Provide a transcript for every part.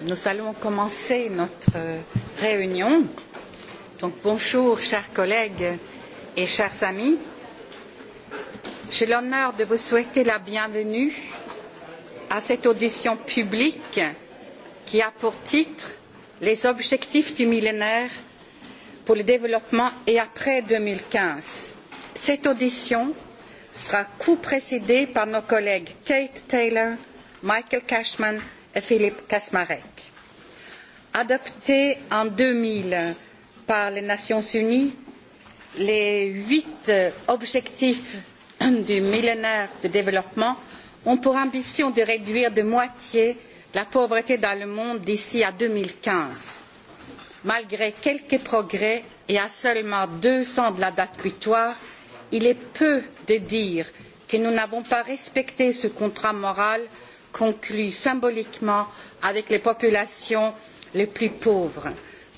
Nous allons commencer notre euh, réunion. Donc bonjour, chers collègues et chers amis. J'ai l'honneur de vous souhaiter la bienvenue à cette audition publique qui a pour titre Les objectifs du millénaire pour le développement et après 2015. Cette audition sera co-présidée par nos collègues Kate Taylor, Michael Cashman Philippe Kaczmarek. Adopté en 2000 par les Nations Unies, les huit objectifs du millénaire de développement ont pour ambition de réduire de moitié la pauvreté dans le monde d'ici à deux mille quinze malgré quelques progrès et à seulement deux ans de la date butoir il est peu de dire que nous n'avons pas respecté ce contrat moral conclue symboliquement avec les populations les plus pauvres.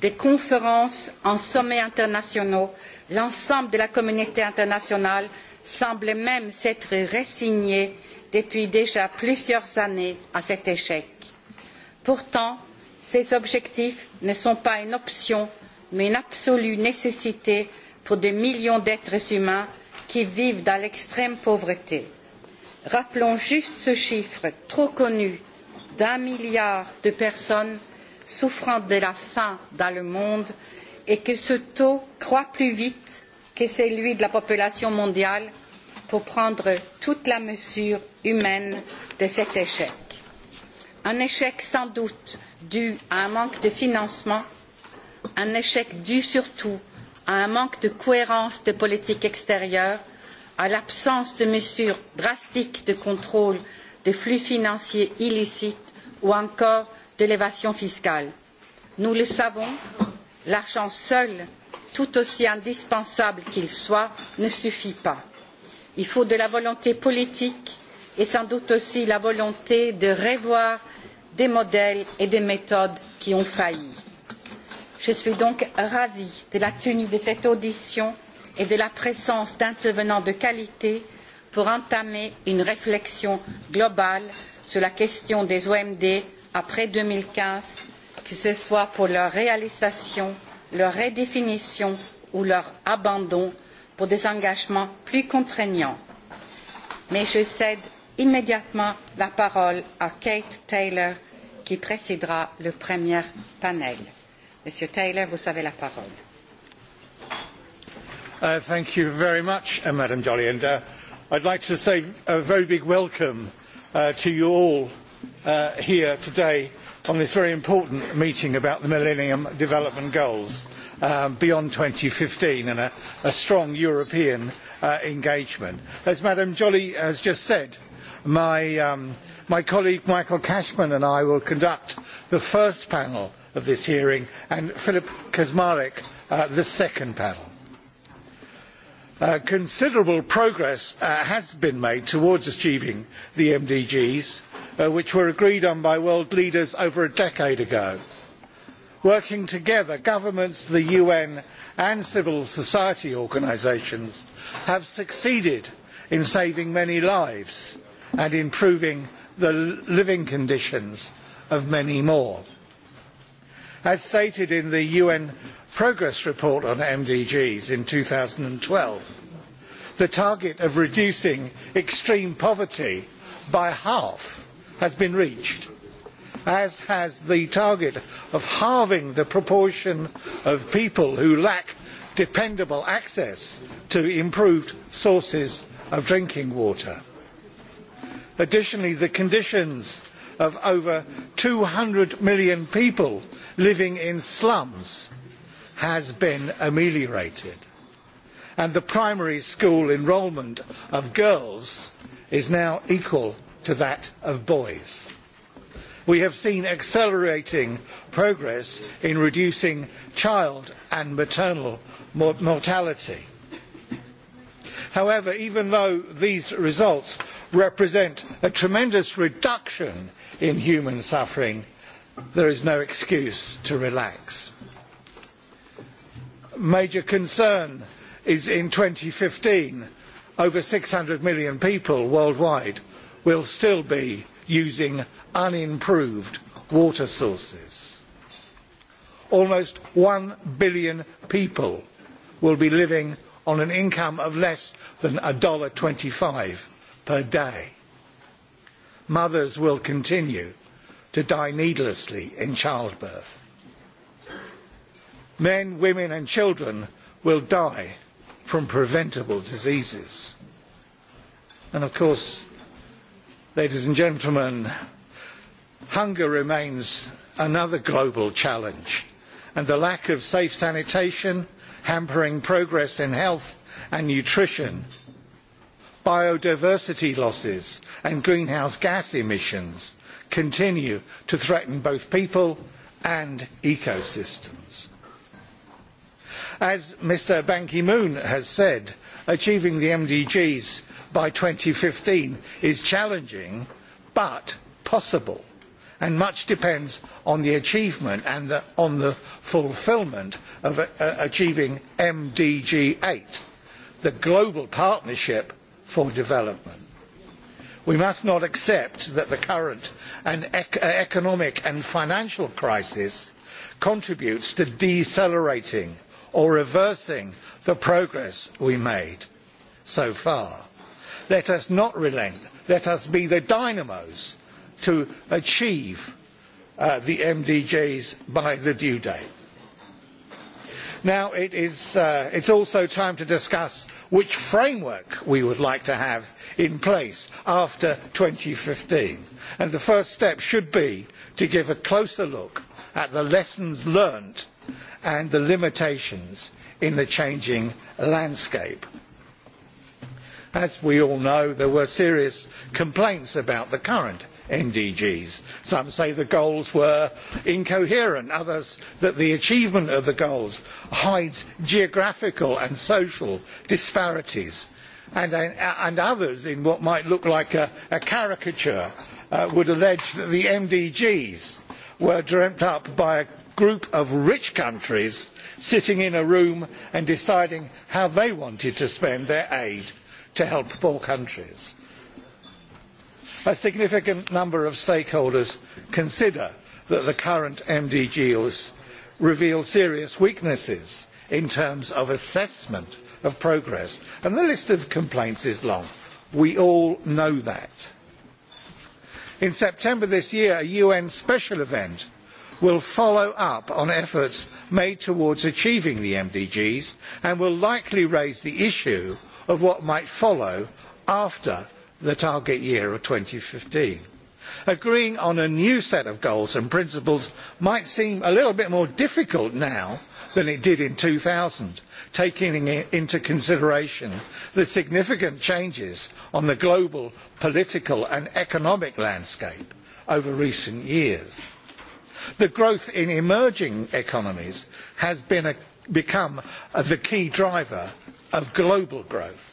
Des conférences en sommets internationaux, l'ensemble de la communauté internationale semble même s'être résigné depuis déjà plusieurs années à cet échec. Pourtant, ces objectifs ne sont pas une option, mais une absolue nécessité pour des millions d'êtres humains qui vivent dans l'extrême pauvreté rappelons juste ce chiffre trop connu d'un milliard de personnes souffrant de la faim dans le monde et que ce taux croît plus vite que celui de la population mondiale pour prendre toute la mesure humaine de cet échec. Un échec sans doute dû à un manque de financement, un échec dû surtout à un manque de cohérence des politiques extérieures à l'absence de mesures drastiques de contrôle des flux financiers illicites ou encore de l'évasion fiscale. Nous le savons, l'argent seul, tout aussi indispensable qu'il soit, ne suffit pas. Il faut de la volonté politique et sans doute aussi la volonté de revoir des modèles et des méthodes qui ont failli. Je suis donc ravie de la tenue de cette audition et de la présence d'intervenants de qualité pour entamer une réflexion globale sur la question des OMD après 2015, que ce soit pour leur réalisation, leur redéfinition ou leur abandon pour des engagements plus contraignants. Mais je cède immédiatement la parole à Kate Taylor qui précédera le premier panel. Monsieur Taylor, vous avez la parole. Uh, thank you very much, uh, Madam Jolly, and uh, I'd like to say a very big welcome uh, to you all uh, here today on this very important meeting about the Millennium Development Goals um, beyond 2015 and a, a strong European uh, engagement. As Madam Jolly has just said, my, um, my colleague Michael Cashman and I will conduct the first panel of this hearing and Philip Kazmarek uh, the second panel. Uh, considerable progress uh, has been made towards achieving the MDGs, uh, which were agreed on by world leaders over a decade ago. Working together, governments, the UN, and civil society organisations have succeeded in saving many lives and improving the living conditions of many more. As stated in the UN progress report on MDGs in 2012 the target of reducing extreme poverty by half has been reached, as has the target of halving the proportion of people who lack dependable access to improved sources of drinking water. Additionally, the conditions of over 200 million people living in slums has been ameliorated and the primary school enrolment of girls is now equal to that of boys. We have seen accelerating progress in reducing child and maternal mortality. However, even though these results represent a tremendous reduction in human suffering, there is no excuse to relax major concern is in 2015, over 600 million people worldwide will still be using unimproved water sources. Almost 1 billion people will be living on an income of less than $1.25 per day. Mothers will continue to die needlessly in childbirth men, women and children will die from preventable diseases. And of course, ladies and gentlemen, hunger remains another global challenge and the lack of safe sanitation hampering progress in health and nutrition biodiversity losses and greenhouse gas emissions continue to threaten both people and ecosystems as mr ban ki moon has said achieving the mdgs by two thousand and fifteen is challenging but possible and much depends on the achievement and on the fulfilment of uh, uh, achieving mdg eight the global partnership for development. we must not accept that the current uh, economic and financial crisis contributes to decelerating or reversing the progress we made so far. Let us not relent. Let us be the dynamos to achieve uh, the MDGs by the due date. Now, it is, uh, it's also time to discuss which framework we would like to have in place after 2015. And the first step should be to give a closer look at the lessons learnt and the limitations in the changing landscape. As we all know, there were serious complaints about the current MDGs. Some say the goals were incoherent, others that the achievement of the goals hides geographical and social disparities, and, and others, in what might look like a, a caricature, uh, would allege that the MDGs were dreamt up by a group of rich countries sitting in a room and deciding how they wanted to spend their aid to help poor countries. A significant number of stakeholders consider that the current MDGs reveal serious weaknesses in terms of assessment of progress. And the list of complaints is long. We all know that. In September this year, a UN special event will follow up on efforts made towards achieving the mdgs and will likely raise the issue of what might follow after the target year of. two thousand and fifteen agreeing on a new set of goals and principles might seem a little bit more difficult now than it did in two thousand taking into consideration the significant changes on the global political and economic landscape over recent years. The growth in emerging economies has been a, become the key driver of global growth.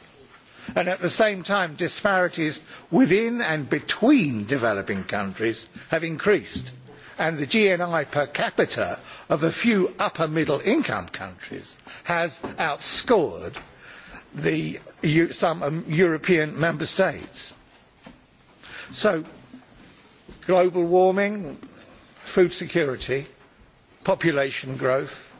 And at the same time, disparities within and between developing countries have increased. And the GNI per capita of a few upper middle income countries has outscored the, some um, European member states. So, global warming, food security, population growth,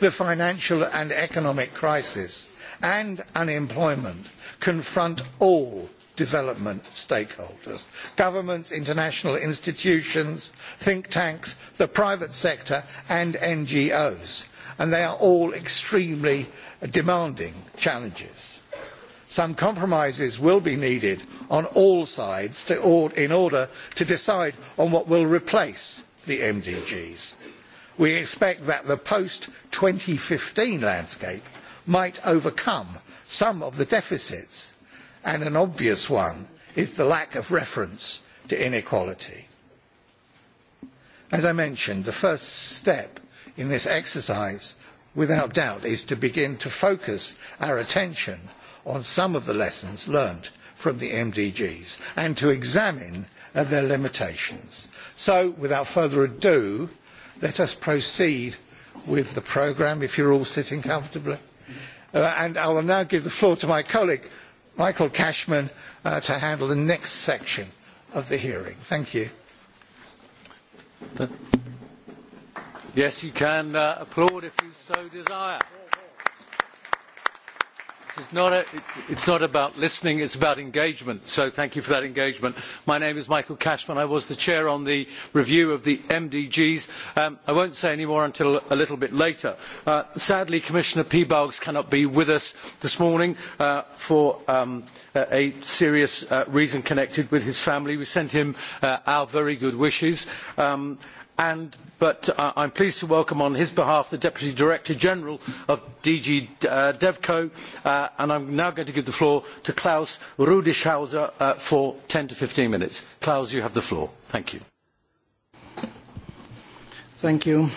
the financial and economic crisis, and unemployment confront all development stakeholders governments international institutions think tanks the private sector and ngos and they are all extremely demanding challenges. some compromises will be needed on all sides to, in order to decide on what will replace the MDGs. We expect that the post-2015 landscape might overcome some of the deficits, and an obvious one is the lack of reference to inequality. As I mentioned, the first step in this exercise, without doubt, is to begin to focus our attention on some of the lessons learned from the MDGs and to examine their limitations. So, without further ado, let us proceed with the programme, if you're all sitting comfortably. Uh, and I will now give the floor to my colleague, Michael Cashman, uh, to handle the next section of the hearing. Thank you. Yes, you can uh, applaud if you so desire. It's not, not about listening, it's about engagement. So thank you for that engagement. My name is Michael Cashman. I was the chair on the review of the MDGs. Um, I won't say any more until a little bit later. Uh, sadly, Commissioner Peebalgs cannot be with us this morning uh, for um, a serious uh, reason connected with his family. We sent him uh, our very good wishes. Um, but uh, i am pleased to welcome on his behalf the deputy director general of dg uh, devco uh, and i am now going to give the floor to klaus rudischhauser for ten to fifteen minutes. klaus you have the floor. thank you. thank you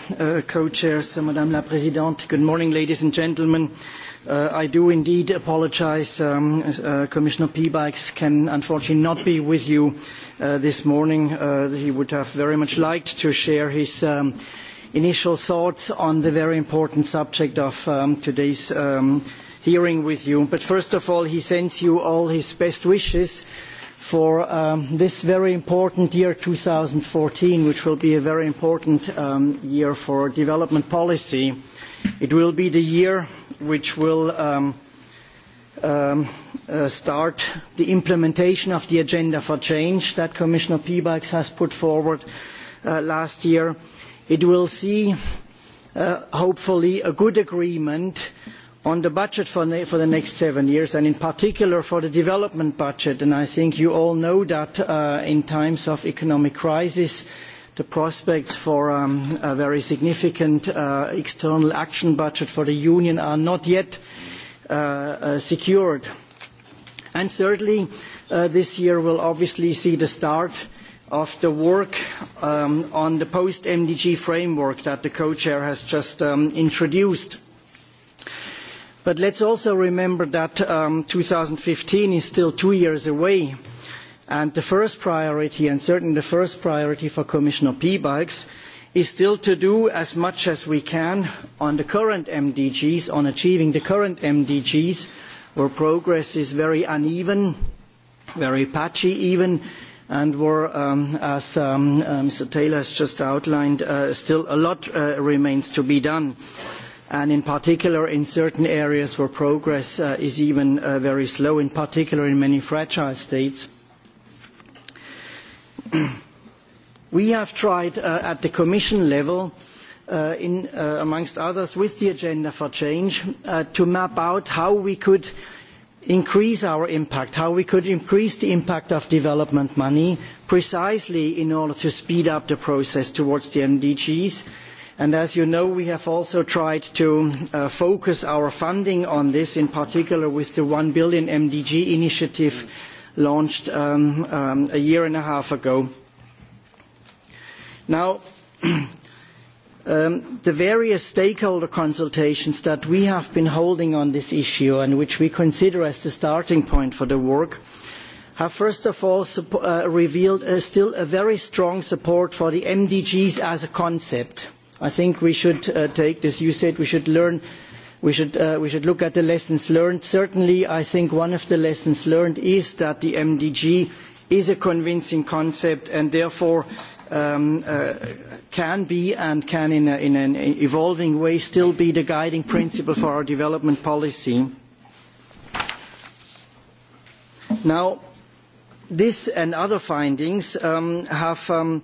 co-chairs madam la presidente good morning ladies and gentlemen. Uh, I do indeed apologise. Um, uh, Commissioner Peebikes can unfortunately not be with you uh, this morning. Uh, he would have very much liked to share his um, initial thoughts on the very important subject of um, today's um, hearing with you. But first of all, he sends you all his best wishes for um, this very important year 2014, which will be a very important um, year for development policy. It will be the year which will um, um, uh, start the implementation of the agenda for change that Commissioner Piebalgs has put forward uh, last year. It will see, uh, hopefully, a good agreement on the budget for, for, the next seven years, and in particular for the development budget. And I think you all know that uh, in times of economic crisis, the prospects for um, a very significant uh, external action budget for the Union are not yet uh, uh secured. And thirdly, uh, this year will obviously see the start of the work um, on the post-MDG framework that the co-chair has just um, introduced. But let's also remember that um, 2015 is still two years away, And the first priority, and certainly the first priority for Commissioner Piebalgs, is still to do as much as we can on the current MDGs, on achieving the current MDGs, where progress is very uneven, very patchy even, and where, um, as um, uh, Mr. Taylor has just outlined, uh, still a lot uh, remains to be done. And in particular, in certain areas where progress uh, is even uh, very slow, in particular in many fragile states, we have tried uh, at the Commission level, uh, in, uh, amongst others, with the Agenda for Change, uh, to map out how we could increase our impact, how we could increase the impact of development money precisely in order to speed up the process towards the MDGs. And as you know, we have also tried to uh, focus our funding on this, in particular with the 1 billion MDG initiative launched um, um, a year and a half ago. Now, um, the various stakeholder consultations that we have been holding on this issue and which we consider as the starting point for the work have first of all uh, revealed uh, still a very strong support for the MDGs as a concept. I think we should uh, take this, you said we should learn Uh, we should, look at the lessons learned. Certainly, I think one of the lessons learned is that the MDG is a convincing concept and therefore um, uh, can be and can in, an evolving way still be the guiding principle for our development policy. Now, this and other findings um, have um,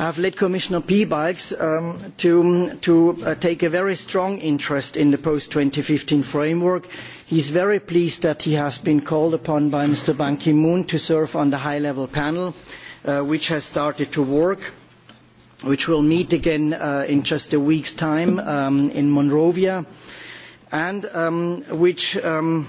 i have led Commissioner Piebalgs um, to, um, to uh, take a very strong interest in the post-2015 framework. He is very pleased that he has been called upon by Mr. Ban Ki-moon to serve on the high-level panel, uh, which has started to work, which will meet again uh, in just a week's time um, in Monrovia, and um, which um,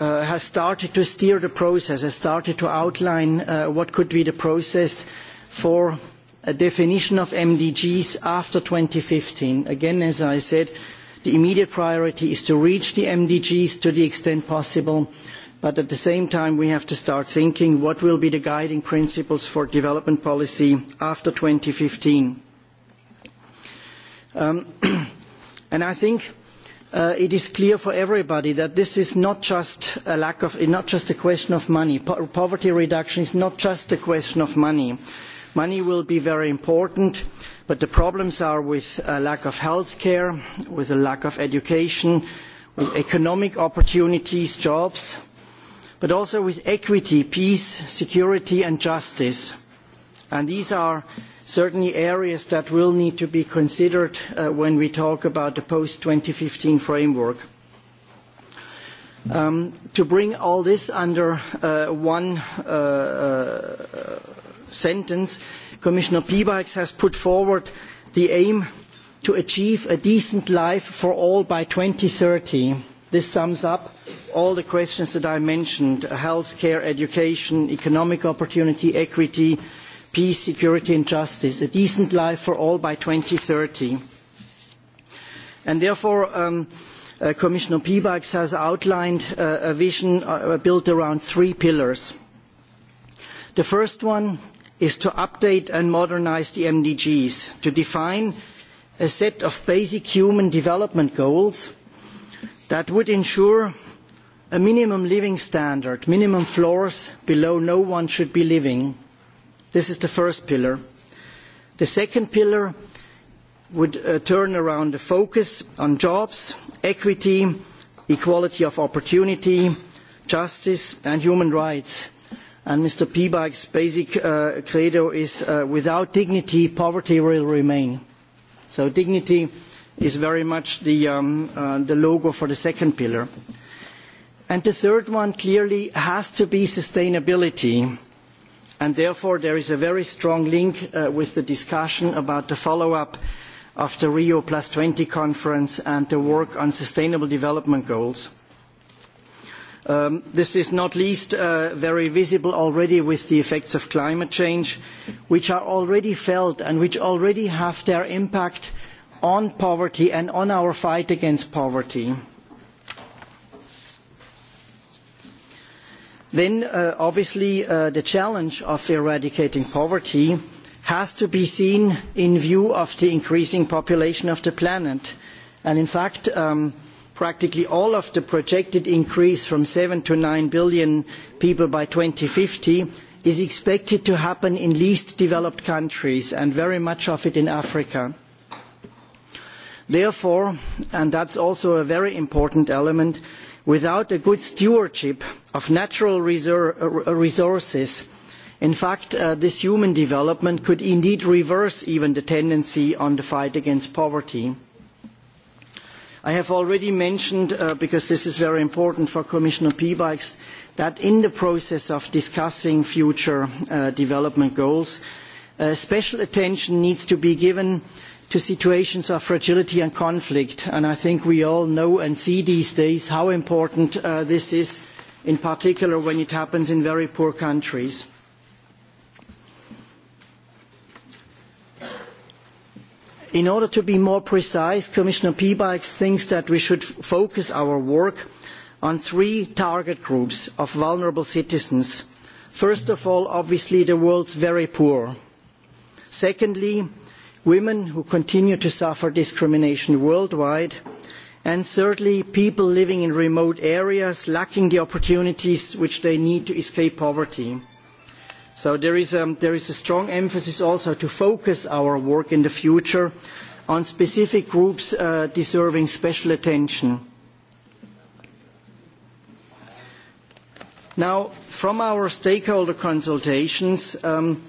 uh, has started to steer the process, has started to outline uh, what could be the process for a definition of MDGs after 2015. Again, as I said, the immediate priority is to reach the MDGs to the extent possible, but at the same time, we have to start thinking what will be the guiding principles for development policy after 2015. Um, and I think Uh, it is clear for everybody that this is not just a lack of, not just a question of money. Po poverty reduction is not just a question of money. Money will be very important, but the problems are with a lack of health care, with a lack of education, with economic opportunities, jobs, but also with equity, peace, security and justice. And these are certainly areas that will need to be considered uh, when we talk about the post-2015 framework. Um, to bring all this under uh, one uh, uh sentence, Commissioner Piebalgs has put forward the aim to achieve a decent life for all by 2030. This sums up all the questions that I mentioned, healthcare, education, economic opportunity, equity, peace, security and justice, a decent life for all by 2030. And therefore, um, uh, Commissioner Piebalgs has outlined uh, a vision uh, built around three pillars. The first one is to update and modernise the MDGs, to define a set of basic human development goals that would ensure a minimum living standard, minimum floors below no one should be living. This is the first pillar. The second pillar would uh, turn around the focus on jobs, equity, equality of opportunity, justice and human rights. And Mr. Piebach's basic uh, credo is, uh, without dignity, poverty will remain. So dignity is very much the, um, uh, the logo for the second pillar. And the third one clearly has to be sustainability. And therefore, there is a very strong link uh, with the discussion about the follow-up of the Rio Plus 20 conference and the work on sustainable development goals Um, this is not least uh, very visible already with the effects of climate change, which are already felt and which already have their impact on poverty and on our fight against poverty. Then, uh, obviously, uh, the challenge of eradicating poverty has to be seen in view of the increasing population of the planet. And in fact, um, practically all of the projected increase from 7 to 9 billion people by 2050 is expected to happen in least developed countries and very much of it in Africa. Therefore, and that's also a very important element, without a good stewardship of natural uh, resources, in fact, uh, this human development could indeed reverse even the tendency on the fight against poverty. I have already mentioned, uh, because this is very important for Commissioner Piebalgs, that in the process of discussing future uh, development goals, uh, special attention needs to be given to situations of fragility and conflict. And I think we all know and see these days how important uh, this is, in particular when it happens in very poor countries. In order to be more precise, Commissioner Piebalgs thinks that we should focus our work on three target groups of vulnerable citizens. First of all, obviously, the world's very poor. Secondly, women who continue to suffer discrimination worldwide. And thirdly, people living in remote areas lacking the opportunities which they need to escape poverty. So there is, um, there is a strong emphasis also to focus our work in the future on specific groups uh, deserving special attention. Now, from our stakeholder consultations, um,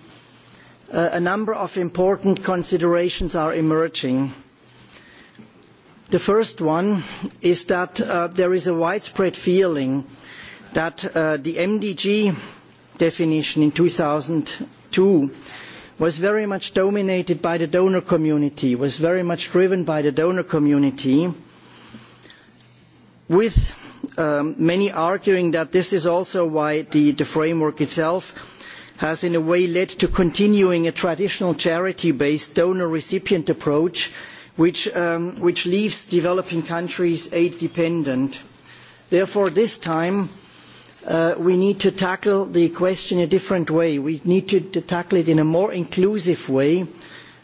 a number of important considerations are emerging. The first one is that uh, there is a widespread feeling that uh, the MDG definition in 2002 was very much dominated by the donor community, was very much driven by the donor community, with um, many arguing that this is also why the, the framework itself has in a way led to continuing a traditional charity-based donor-recipient approach, which, um, which leaves developing countries aid-dependent. Therefore, this time, Uh, we need to tackle the question a different way. We need to, to tackle it in a more inclusive way,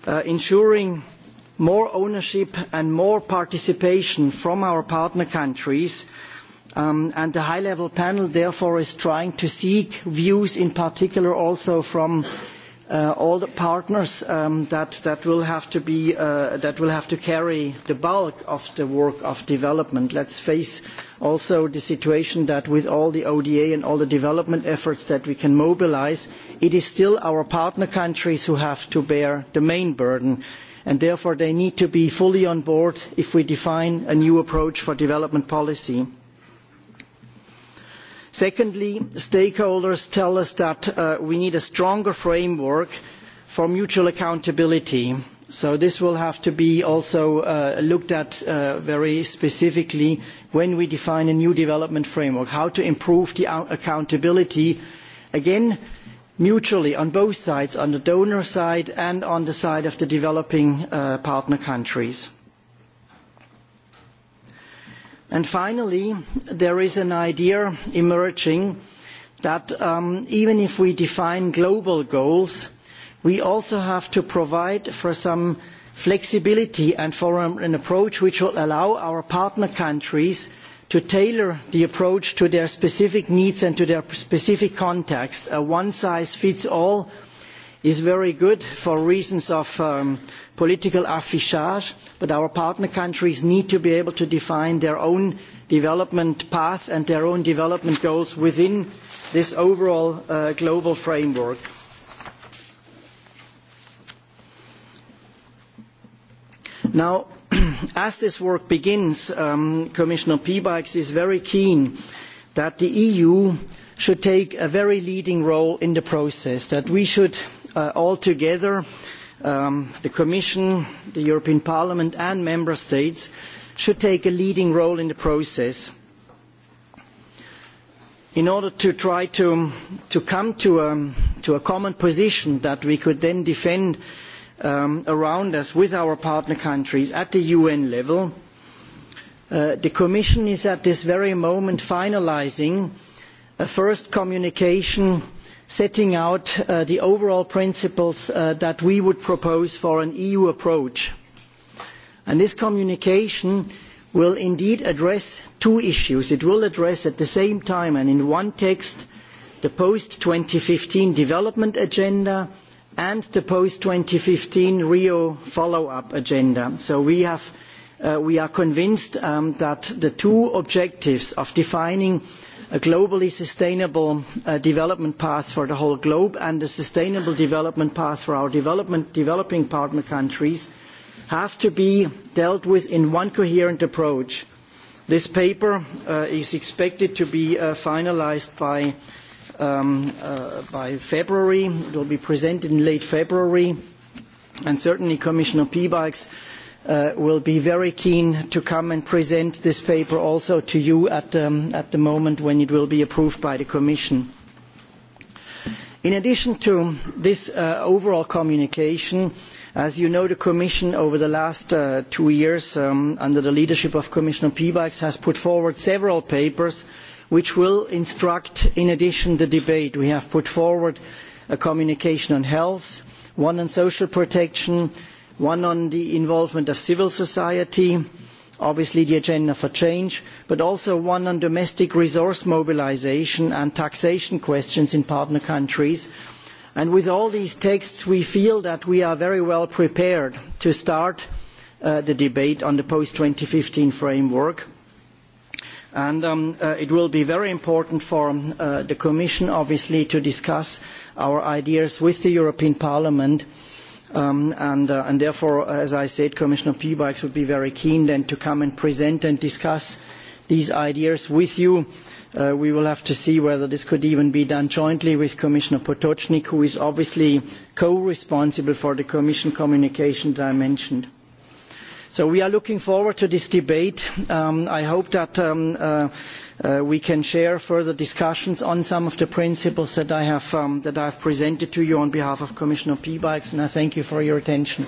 uh, ensuring more ownership and more participation from our partner countries. Um, and the high-level panel, therefore, is trying to seek views, in particular also from Uh, all the partners um, that, will have to uh, that will have to carry the bulk of the work of development. Let's face also the situation that with all the ODA and all the development efforts that we can mobilise, it is still our partner countries who have to bear the main burden. And therefore, they need to be fully on board if we define a new approach for development policy Secondly, stakeholders tell us that uh, we need a stronger framework for mutual accountability. So this will have to be also uh, looked at uh, very specifically when we define a new development framework, how to improve the accountability, again, mutually on both sides, on the donor side and on the side of the developing partner countries. And finally, there is an idea emerging that um, even if we define global goals, we also have to provide for some flexibility and for an approach which will allow our partner countries to tailor the approach to their specific needs and to their specific context. A one size fits all is very good for reasons of um, political affichage, but our partner countries need to be able to define their own development path and their own development goals within this overall uh, global framework. Now, as this work begins, um, Commissioner Piebalgs is very keen that the EU should take a very leading role in the process, that we should uh, all together Um, the Commission, the European Parliament and Member States should take a leading role in the process in order to try to, to come to, um, to a common position that we could then defend um, around us with our partner countries at the UN level. Uh, the Commission is at this very moment finalising a first communication setting out uh, the overall principles uh, that we would propose for an EU approach. And this communication will indeed address two issues. It will address at the same time and in one text the post-2015 development agenda and the post-2015 Rio follow-up agenda. So we, uh, are convinced um, that the two objectives of defining a globally sustainable uh, development path for the whole globe and a sustainable development path for our developing partner countries have to be dealt with in one coherent approach. This paper uh, is expected to be uh, finalised by, um, uh, by February. It will be presented in late February, and certainly Commissioner Piebalgs Uh, will be very keen to come and present this paper also to you at, um, at the moment when it will be approved by the Commission. In addition to this uh, overall communication, as you know, the Commission over the last uh, two years, um, under the leadership of Commissioner Piebalgs, has put forward several papers which will instruct, in addition, the debate. We have put forward a communication on health, one on social protection, one on the involvement of civil society, obviously the agenda for change, but also one on domestic resource mobilisation and taxation questions in partner countries. And with all these texts, we feel that we are very well prepared to start uh, the debate on the post two thousand And fifteen framework and um, uh, it will be very important for um, uh, the Commission, obviously, to discuss our ideas with the European Parliament uh, Um, and, uh, and therefore, uh, as I said, Commissioner Piebalgs would be very keen then to come and present and discuss these ideas with you. Uh, we will have to see whether this could even be done jointly with Commissioner Potocznik, who is obviously co-responsible for the Commission communication that I mentioned. So we are looking forward to this debate. Um, I hope that um, uh, Uh, we can share further discussions on some of the principles that I have um, that I have presented to you on behalf of Commissioner Peebles, and I thank you for your attention.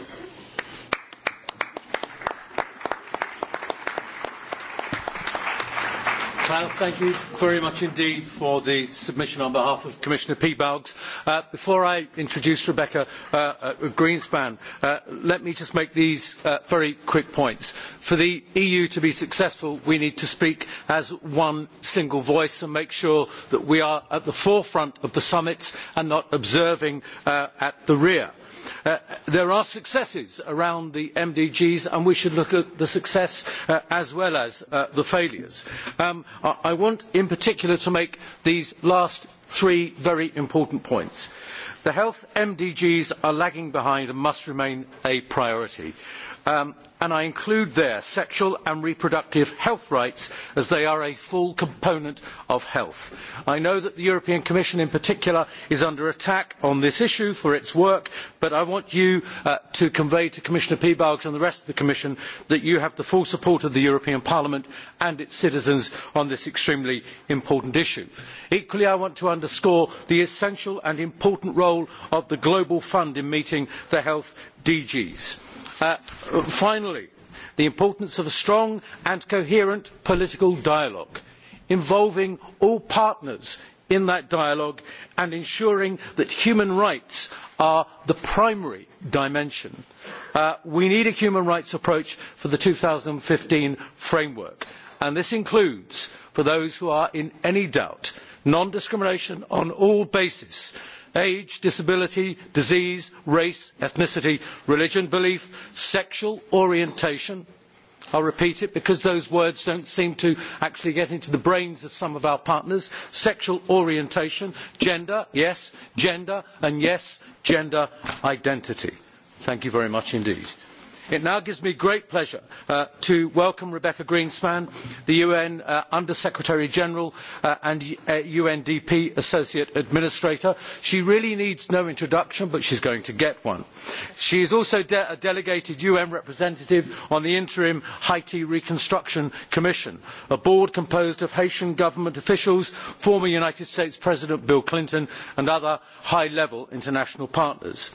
Klaus, thank you very much indeed for the submission on behalf of Commissioner Peebalgs. Uh, before I introduce Rebecca uh, uh, Greenspan, uh, let me just make these uh, very quick points. For the EU to be successful, we need to speak as one single voice and make sure that we are at the forefront of the summits and not observing uh, at the rear Uh, there are successes around the mdgs and we should look at the success uh, as well as uh, the failures. Um, i want in particular to make these last three very important points. the health mdgs are lagging behind and must remain a priority. Um, and I include there sexual and reproductive health rights as they are a full component of health. I know that the European Commission in particular is under attack on this issue for its work, but I want you uh, to convey to Commissioner piebalgs and the rest of the Commission that you have the full support of the European Parliament and its citizens on this extremely important issue. Equally, I want to underscore the essential and important role of the Global Fund in meeting the health DGs Uh, finally, the importance of a strong and coherent political dialogue involving all partners in that dialogue and ensuring that human rights are the primary dimension. Uh, we need a human rights approach for the two thousand and fifteen framework, and this includes, for those who are in any doubt, non-discrimination on all basis, age disability disease race ethnicity religion belief sexual orientation i repeat it because those words do not seem to actually get into the brains of some of our partners sexual orientation gender yes gender and yes gender identity. thank you very much indeed. It now gives me great pleasure uh, to welcome Rebecca Greenspan, the UN uh, Under-Secretary General uh, and UNDP uh, Associate Administrator. She really needs no introduction, but she's going to get one. She is also de a delegated UN representative on the interim Haiti Reconstruction Commission, a board composed of Haitian government officials, former United States President Bill Clinton, and other high-level international partners.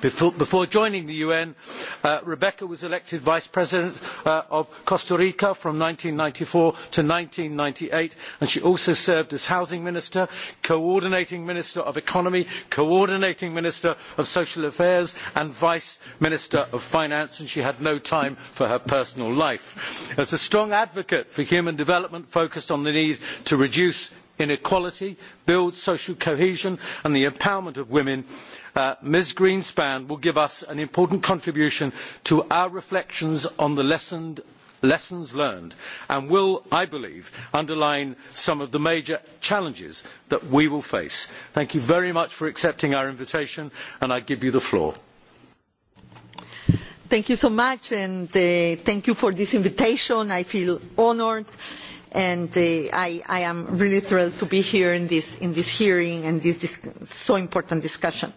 Before, joining the UN, uh, Rebecca was elected Vice President uh, of Costa Rica from 1994 to 1998, and she also served as Housing Minister, Coordinating Minister of Economy, Coordinating Minister of Social Affairs, and Vice Minister of Finance, and she had no time for her personal life. As a strong advocate for human development focused on the need to reduce inequality build social cohesion and the empowerment of women uh, ms greenspan will give us an important contribution to our reflections on the lessons learned and will i believe underline some of the major challenges that we will face. thank you very much for accepting our invitation and i give you the floor. thank you so much and uh, thank you for this invitation. i feel honoured and uh, I, I am really thrilled to be here in this, in this hearing and this, this so important discussion.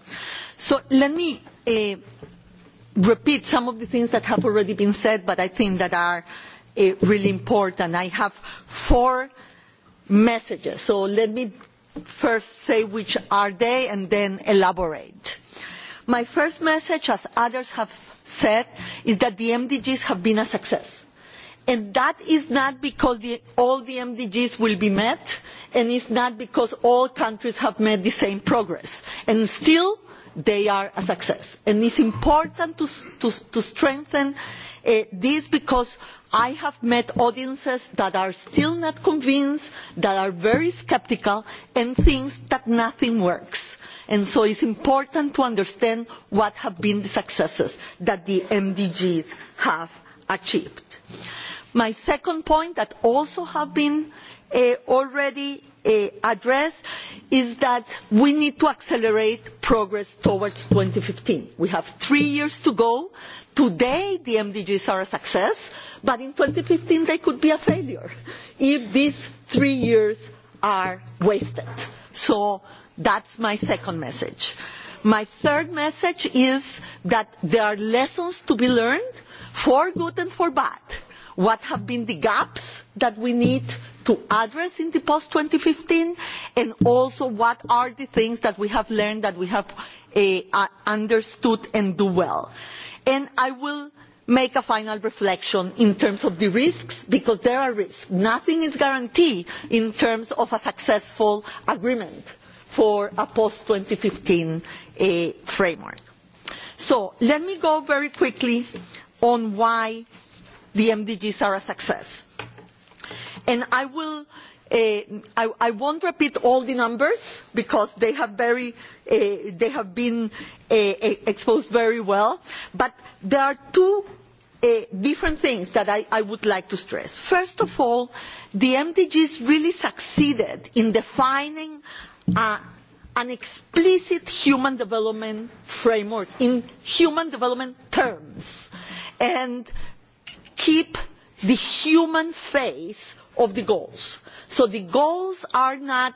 So let me uh, repeat some of the things that have already been said, but I think that are uh, really important. I have four messages, so let me first say which are they and then elaborate. My first message, as others have said, is that the MDGs have been a success and that is not because the, all the mdgs will be met and it's not because all countries have made the same progress and still they are a success and it's important to, to, to strengthen uh, this because i have met audiences that are still not convinced that are very sceptical and think that nothing works and so it's important to understand what have been the successes that the mdgs have achieved my second point that also has been eh, already uh, addressed is that we need to accelerate progress towards two thousand and fifteen We have three years to go. Today, the MDGs are a success, but in two thousand and fifteen they could be a failure if these three years are wasted. So that is my second message. My third message is that there are lessons to be learned for good and for bad what have been the gaps that we need to address in the post 2015 and also what are the things that we have learned that we have uh, uh, understood and do well and i will make a final reflection in terms of the risks because there are risks nothing is guaranteed in terms of a successful agreement for a post 2015 uh, framework so let me go very quickly on why the MDGs are a success. And I will Uh, I, I won't repeat all the numbers because they have, very, uh, they have been uh, exposed very well, but there are two different things that I, I would like to stress. First of all, the MDGs really succeeded in defining an explicit human development framework in human development terms. And keep the human faith of the goals. So the goals are not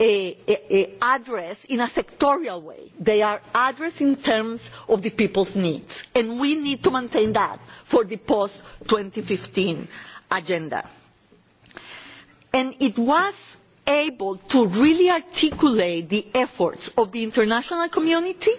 a, a, a addressed in a sectorial way. They are addressed in terms of the people's needs. And we need to maintain that for the post-2015 agenda. And it was able to really articulate the efforts of the international community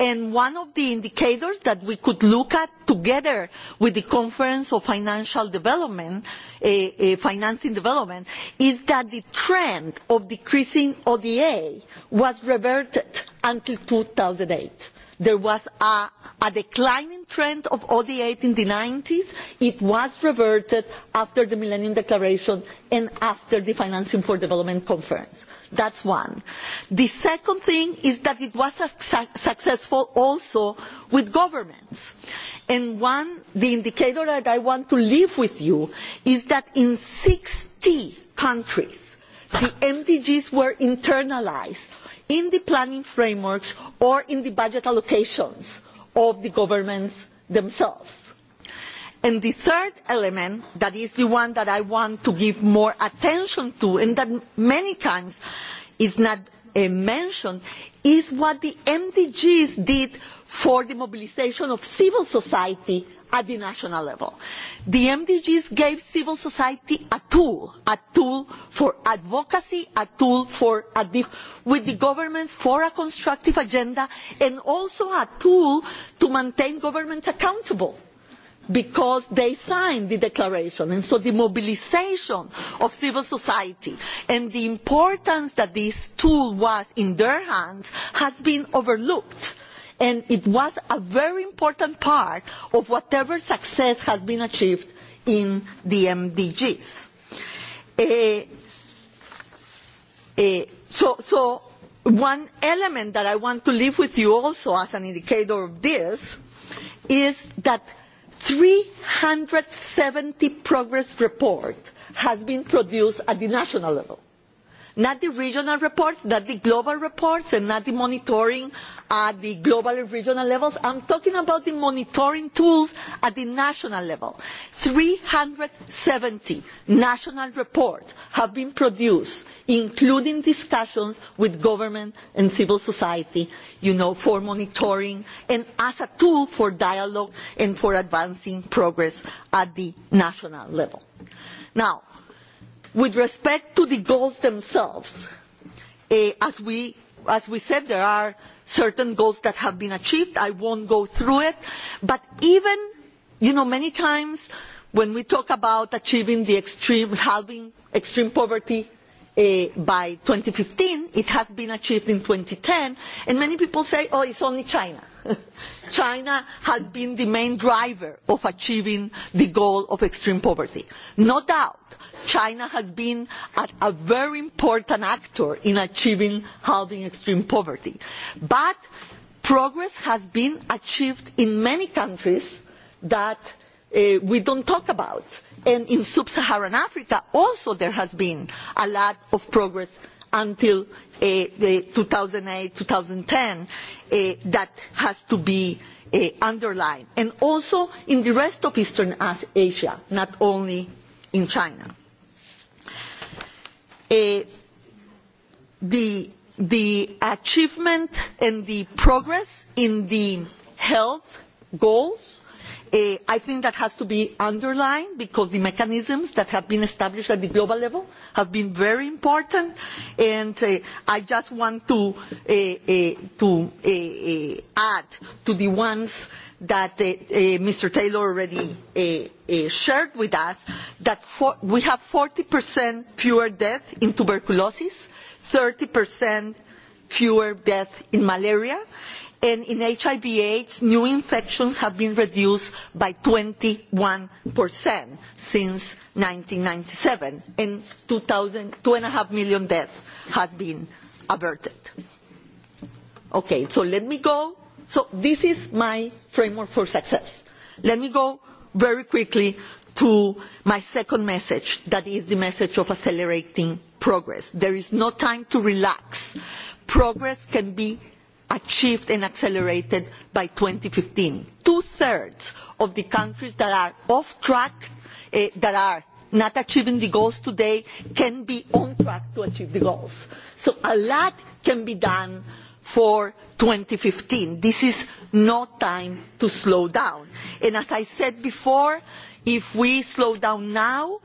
And one of the indicators that we could look at together with the Conference of Financial Development, uh, uh, Financing Development, is that the trend of decreasing ODA was reverted until 2008 there was a, a declining trend of ODA in the 90s. It was reverted after the Millennium Declaration and after the Financing for Development Conference. That's one. The second thing is that it was su successful also with governments. And one, the indicator that I want to leave with you is that in 60 countries, the MDGs were internalized in the planning frameworks or in the budget allocations of the governments themselves And the third element, that is the one that I want to give more attention to, and that many times is not uh, mentioned, is what the MDGs did for the mobilization of civil society at the national level. The MDGs gave civil society a tool, a tool for advocacy, a tool for with the government for a constructive agenda, and also a tool to maintain government accountable because they signed the declaration. And so the mobilization of civil society and the importance that this tool was in their hands has been overlooked. And it was a very important part of whatever success has been achieved in the MDGs. Uh, eh, uh, eh, so, so one element that I want to leave with you also as an indicator of this is that 370 progress reports has been produced at the national level not the regional reports, not the global reports, and not the monitoring at the global and regional levels. I'm talking about the monitoring tools at the national level. 370 national reports have been produced, including discussions with government and civil society, you know, for monitoring and as a tool for dialogue and for advancing progress at the national level. Now, with respect to the goals themselves eh, as, we, as we said there are certain goals that have been achieved i won't go through it but even you know many times when we talk about achieving the extreme halving extreme poverty eh, by 2015 it has been achieved in 2010 and many people say oh it's only china China has been the main driver of achieving the goal of extreme poverty. No doubt, China has been a, a very important actor in achieving halving extreme poverty. But progress has been achieved in many countries that uh, we don't talk about. And in sub-Saharan Africa also there has been a lot of progress until uh, the 2008-2010 uh, eh, that has to be uh, underlined, and also in the rest of Eastern Asia, not only in China. Uh, the, the achievement and the progress in the health goals Eh, I think that has to be underlined because the mechanisms that have been established at the global level have been very important. And uh, I just want to, eh, to add to the ones that Mr. Taylor already shared with us that for, we have 40% fewer deaths in tuberculosis, 30% fewer deaths in malaria, and in HIV AIDS, new infections have been reduced by 21% since 1997, and 2,000, half million deaths has been averted. Okay, so let me go. So this is my framework for success. Let me go very quickly to my second message, that is the message of accelerating progress. There is no time to relax. Progress can be achieved and accelerated by 2015. Two-thirds of the countries that are off track, eh, that are not achieving the goals today, can be on track to achieve the goals. So a lot can be done for 2015. This is no time to slow down. And as I said before, if we slow down now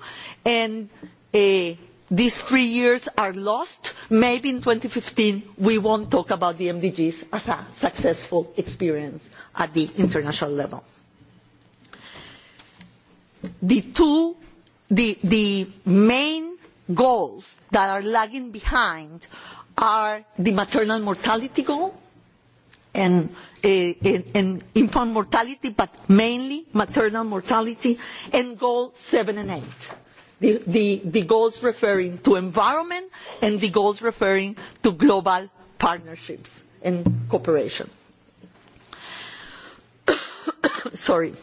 and eh, these three years are lost. Maybe in 2015 we won't talk about the MDGs as a successful experience at the international level. The two, the, the main goals that are lagging behind are the maternal mortality goal and, uh, and infant mortality, but mainly maternal mortality, and goal seven and eight the, the, the goals referring to environment and the goals referring to global partnerships and cooperation. Sorry.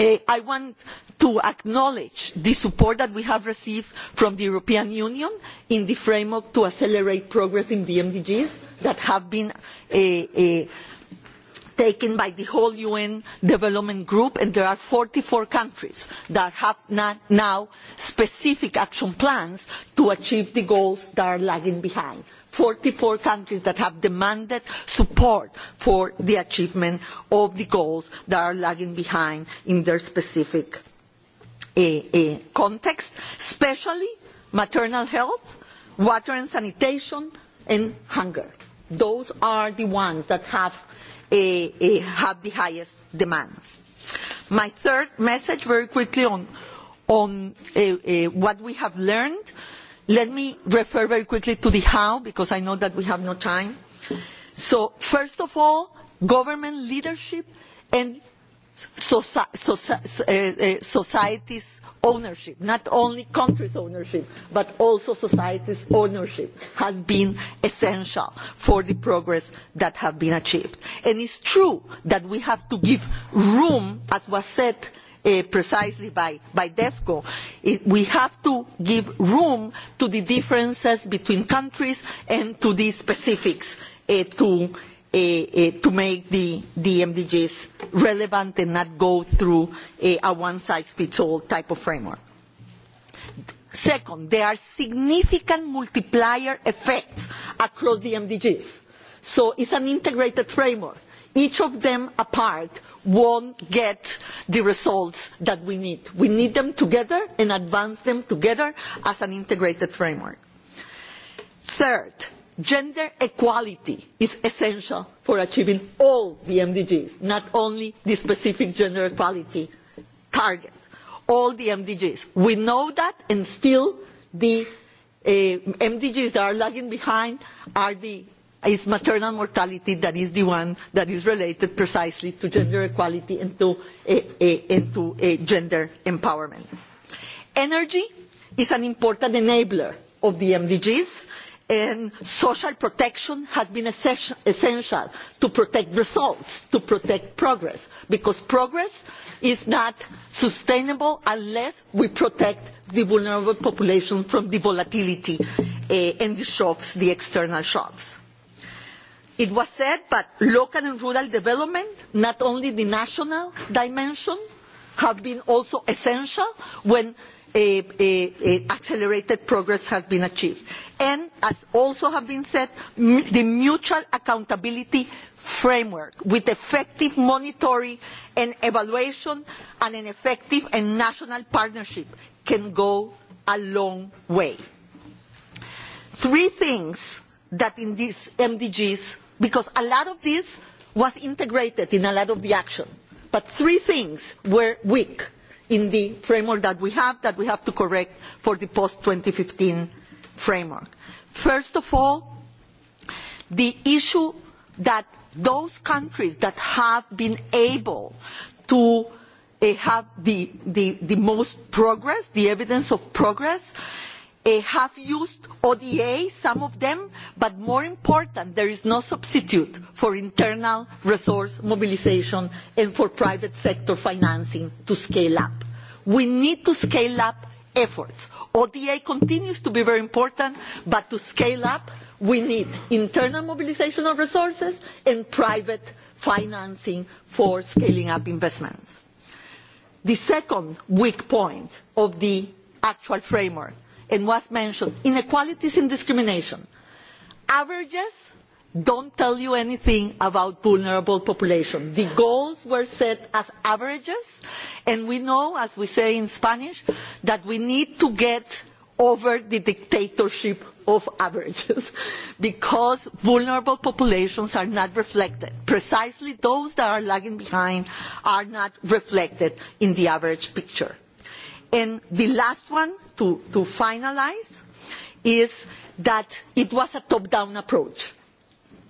Uh, I want to acknowledge the support that we have received from the European Union in the framework to accelerate progress in the MDGs that have been uh, uh, taken by the whole UN Development Group, and there are 44 countries that have now specific action plans to achieve the goals that are lagging behind. 44 countries that have demanded support for the achievement of the goals that are lagging behind in their specific uh, uh, context, especially maternal health, water and sanitation, and hunger. Those are the ones that have uh, have the highest demand. My third message, very quickly on, on what we have learned. Let me refer very quickly to the how, because I know that we have no time. So first of all, government leadership and soci eh, eh, society's ownership, not only countries' ownership, but also society's ownership has been essential for the progress that has been achieved. And it's true that we have to give room, as was said Uh, precisely by, by DEFCO. It, eh, we have to give room to the differences between countries and to the specifics uh, to Eh, eh, to make the, the MDGs relevant and not go through a, a one-size-fits-all type of framework. Second, there are significant multiplier effects across the MDGs. So it's an integrated framework. Each of them apart won't get the results that we need. We need them together and advance them together as an integrated framework. Third, gender equality is essential for achieving all the MDGs, not only the specific gender equality target, all the MDGs. We know that and still the uh, eh, MDGs that are lagging behind are the is maternal mortality that is the one that is related precisely to gender equality and to, uh, uh, and to uh, gender empowerment. Energy is an important enabler of the MDGs and social protection has been essential to protect results, to protect progress, because progress is not sustainable unless we protect the vulnerable population from the volatility uh, and the shocks, the external shocks. It was said, but local and rural development, not only the national dimension, have been also essential when accelerated progress has been achieved. And as also have been said, the mutual accountability framework with effective monitoring and evaluation and an effective and national partnership can go a long way. Three things that in these MDGs, because a lot of this was integrated in a lot of the action, but three things were weak in the framework that we have that we have to correct for the post-2015 framework. First of all, the issue that those countries that have been able to uh, have the, the, the most progress, the evidence of progress, uh, have used ODA, some of them, but more important, there is no substitute for internal resource mobilization and for private sector financing to scale up. We need to scale up efforts. ODA continues to be very important, but to scale up, we need internal mobilization of resources and private financing for scaling up investments. The second weak point of the actual framework and was mentioned, inequalities and discrimination. Averages don't tell you anything about vulnerable population. The goals were set as averages, and we know, as we say in Spanish, that we need to get over the dictatorship of averages because vulnerable populations are not reflected. Precisely those that are lagging behind are not reflected in the average picture. And the last one to, to finalize is that it was a top-down approach.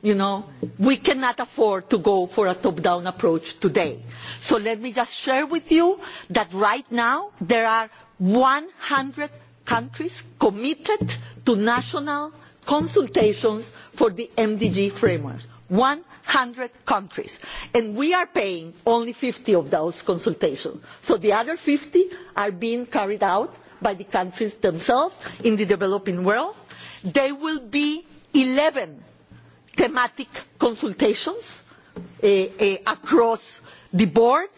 You know, we cannot afford to go for a top-down approach today. So let me just share with you that right now there are 100 countries committed to national consultations for the MDG frameworks. 100 countries, and we are paying only 50 of those consultations. So the other 50 are being carried out by the countries themselves in the developing world. There will be 11 thematic consultations uh, uh, across the board,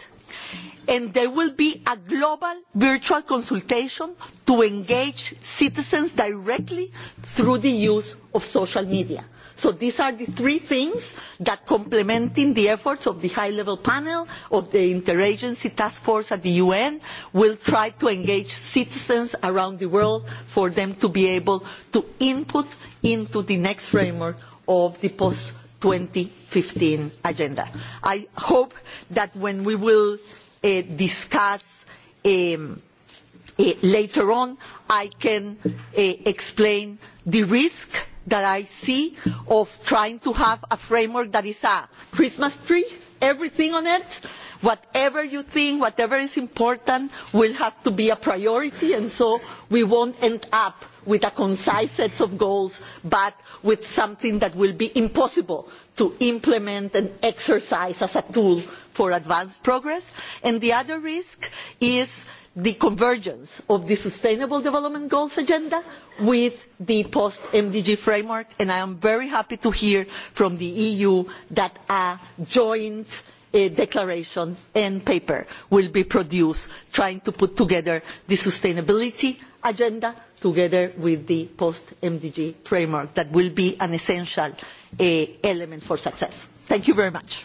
and there will be a global virtual consultation to engage citizens directly through the use of social media these are the three things that complementing the efforts of the high-level panel, of the interagency task force at the UN, will try to engage citizens around the world for them to be able to input into the next framework of the post-2015 agenda. I hope that when we will uh, discuss um, uh, later on, I can uh, explain the risk that I see of trying to have a framework that is a Christmas tree, everything on it. Whatever you think, whatever is important, will have to be a priority, and so we won't end up with a concise set of goals, but with something that will be impossible to implement and exercise as a tool for advanced progress. And the other risk is the convergence of the Sustainable Development Goals agenda with the post-MDG framework, and I am very happy to hear from the EU that a joint a uh, declaration and paper will be produced trying to put together the sustainability agenda together with the post-MDG framework that will be an essential uh, element for success. Thank you very much.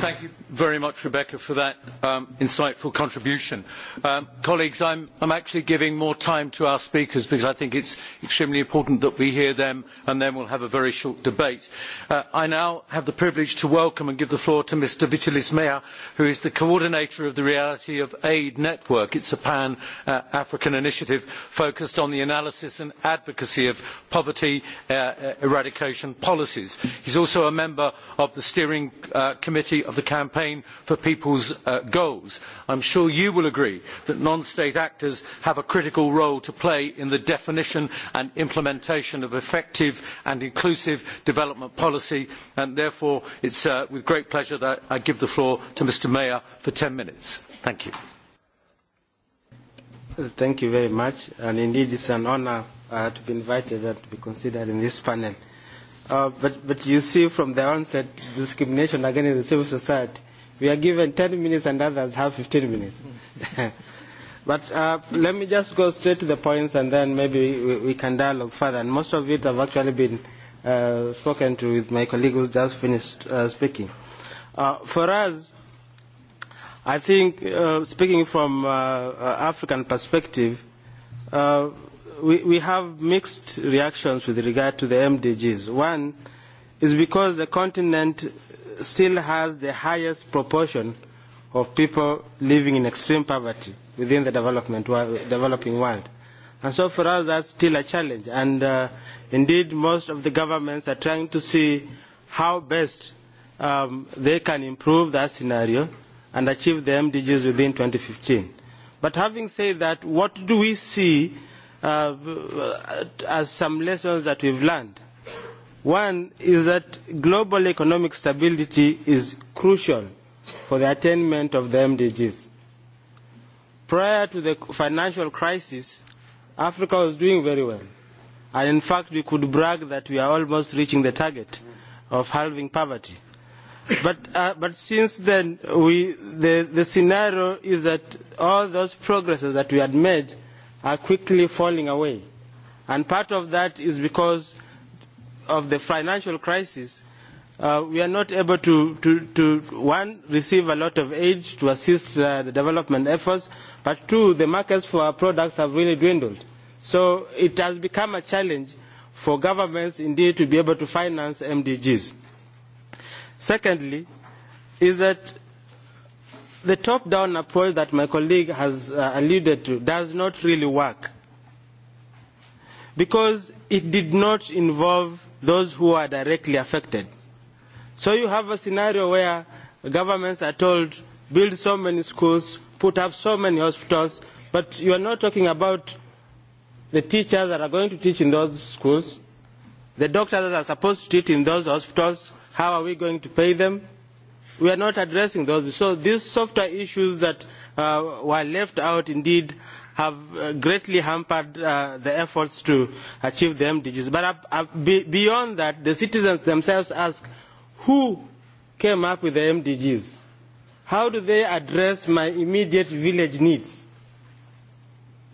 Thank you very much, Rebecca, for that um, insightful contribution. Um, colleagues, I'm, I'm actually giving more time to our speakers because I think it's extremely important that we hear them and then we'll have a very short debate. Uh, I now have the privilege to welcome and give the floor to Mr. Vitalis Mea, who is the coordinator of the Reality of Aid Network. It's a pan-African uh, initiative focused on the analysis and advocacy of poverty uh, uh, eradication policies. He's also a member of the steering uh, committee of the campaign for people's uh, goals. I'm sure you will agree that non-state actors have a critical role to play in the definition and implementation of effective and inclusive development policy and therefore it's uh, with great pleasure that I give the floor to Mr Mayer for 10 minutes. Thank you. Thank you very much and indeed it's an honour uh, to be invited and uh, to be considered in this panel. Uh, but, but you see from the onset discrimination again in the civil society. We are given 10 minutes and others have 15 minutes. but uh, let me just go straight to the points and then maybe we, we can dialogue further. And most of it have actually been uh, spoken to with my colleague who just finished uh, speaking. Uh, for us, I think uh, speaking from uh, uh African perspective, uh, we, we have mixed reactions with regard to the MDGs. One is because the continent still has the highest proportion of people living in extreme poverty within the development world, developing world. And so for us, that's still a challenge. And uh, indeed, most of the governments are trying to see how best um, they can improve that scenario and achieve the MDGs within 2015. But having said that, what do we see uh, as some lessons that we've learned. One is that global economic stability is crucial for the attainment of the MDGs. Prior to the financial crisis, Africa was doing very well. And in fact, we could brag that we are almost reaching the target of halving poverty. But, uh, but since then, we, the, the scenario is that all those progresses that we had made are quickly falling away. And part of that is because of the financial crisis. Uh, we are not able to, to, to, one, receive a lot of aid to assist uh, the development efforts, but two, the markets for our products have really dwindled. So it has become a challenge for governments indeed to be able to finance MDGs. Secondly, is that the top-down approach that my colleague has uh, alluded to does not really work because it did not involve those who are directly affected. So you have a scenario where governments are told, build so many schools, put up so many hospitals, but you are not talking about the teachers that are going to teach in those schools, the doctors that are supposed to teach in those hospitals, how are we going to pay them? we are not addressing those. So these software issues that uh, were left out indeed have uh, greatly hampered uh, the efforts to achieve the MDGs. But uh, uh, be, beyond that, the citizens themselves ask, who came up with the MDGs? How do they address my immediate village needs?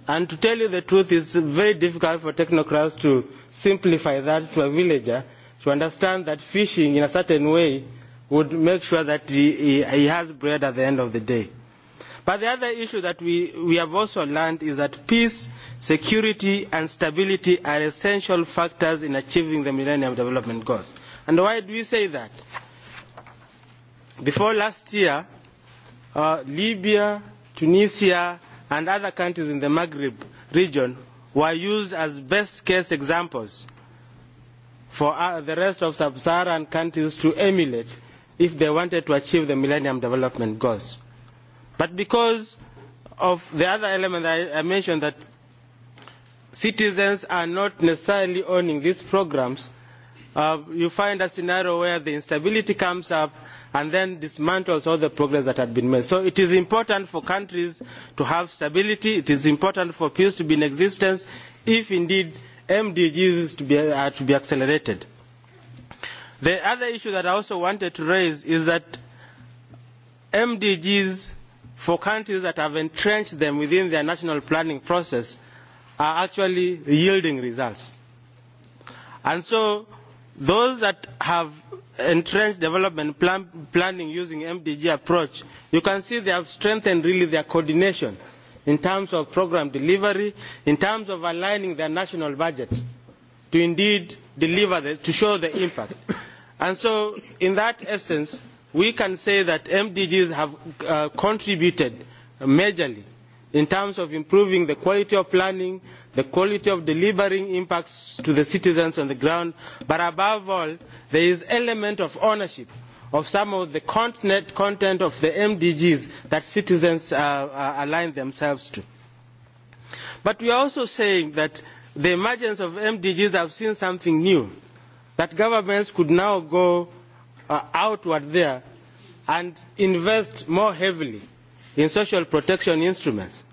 And to tell you the truth, it's very difficult for technocrats to simplify that to a villager to understand that fishing in a certain way would make sure that he, he has bread at the end of the day. But the other issue that we, we have also learned is that peace, security and stability are essential factors in achieving the Millennium Development Goals. And why do we say that? Before last year, uh, Libya, Tunisia and other countries in the Maghreb region were used as best case examples for uh, the rest of sub-Saharan countries to emulate if they wanted to achieve the Millennium Development Goals. But because of the other element I, I mentioned that citizens are not necessarily owning these programs, uh, you find a scenario where the instability comes up and then dismantles all the progress that had been made. So it is important for countries to have stability. It is important for peace to be in existence if indeed MDGs to be, are to be accelerated. The other issue that I also wanted to raise is that MDGs for countries that have entrenched them within their national planning process are actually yielding results. And so those that have entrenched development plan, planning using MDG approach, you can see they have strengthened really their coordination in terms of program delivery, in terms of aligning their national budget to indeed deliver, the, to show the impact. And so, in that essence, we can say that MDGs have uh, contributed majorly in terms of improving the quality of planning, the quality of delivering impacts to the citizens on the ground, but above all, there is element of ownership of some of the content, content of the MDGs that citizens uh, uh, align themselves to. But we are also saying that the emergence of MDGs have seen something new that governments could now go uh, outward there and invest more heavily in social protection instruments.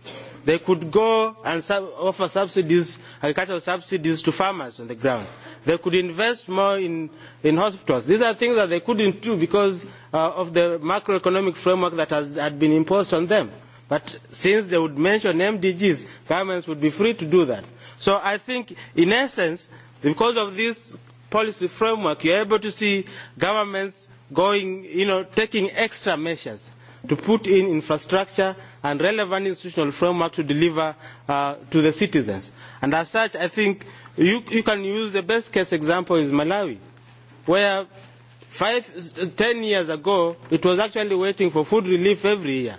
They could go and sub offer subsidies, agricultural subsidies to farmers on the ground. They could invest more in, in hospitals. These are things that they couldn't do because uh, of the macroeconomic framework that has, had been imposed on them. But since they would mention MDGs, governments would be free to do that. So I think, in essence, because of this policy framework, you're able to see governments going, you know, taking extra measures to put in infrastructure and relevant institutional framework to deliver uh, to the citizens. And as such, I think you, you can use the best case example is Malawi, where five, ten years ago, it was actually waiting for food relief every year.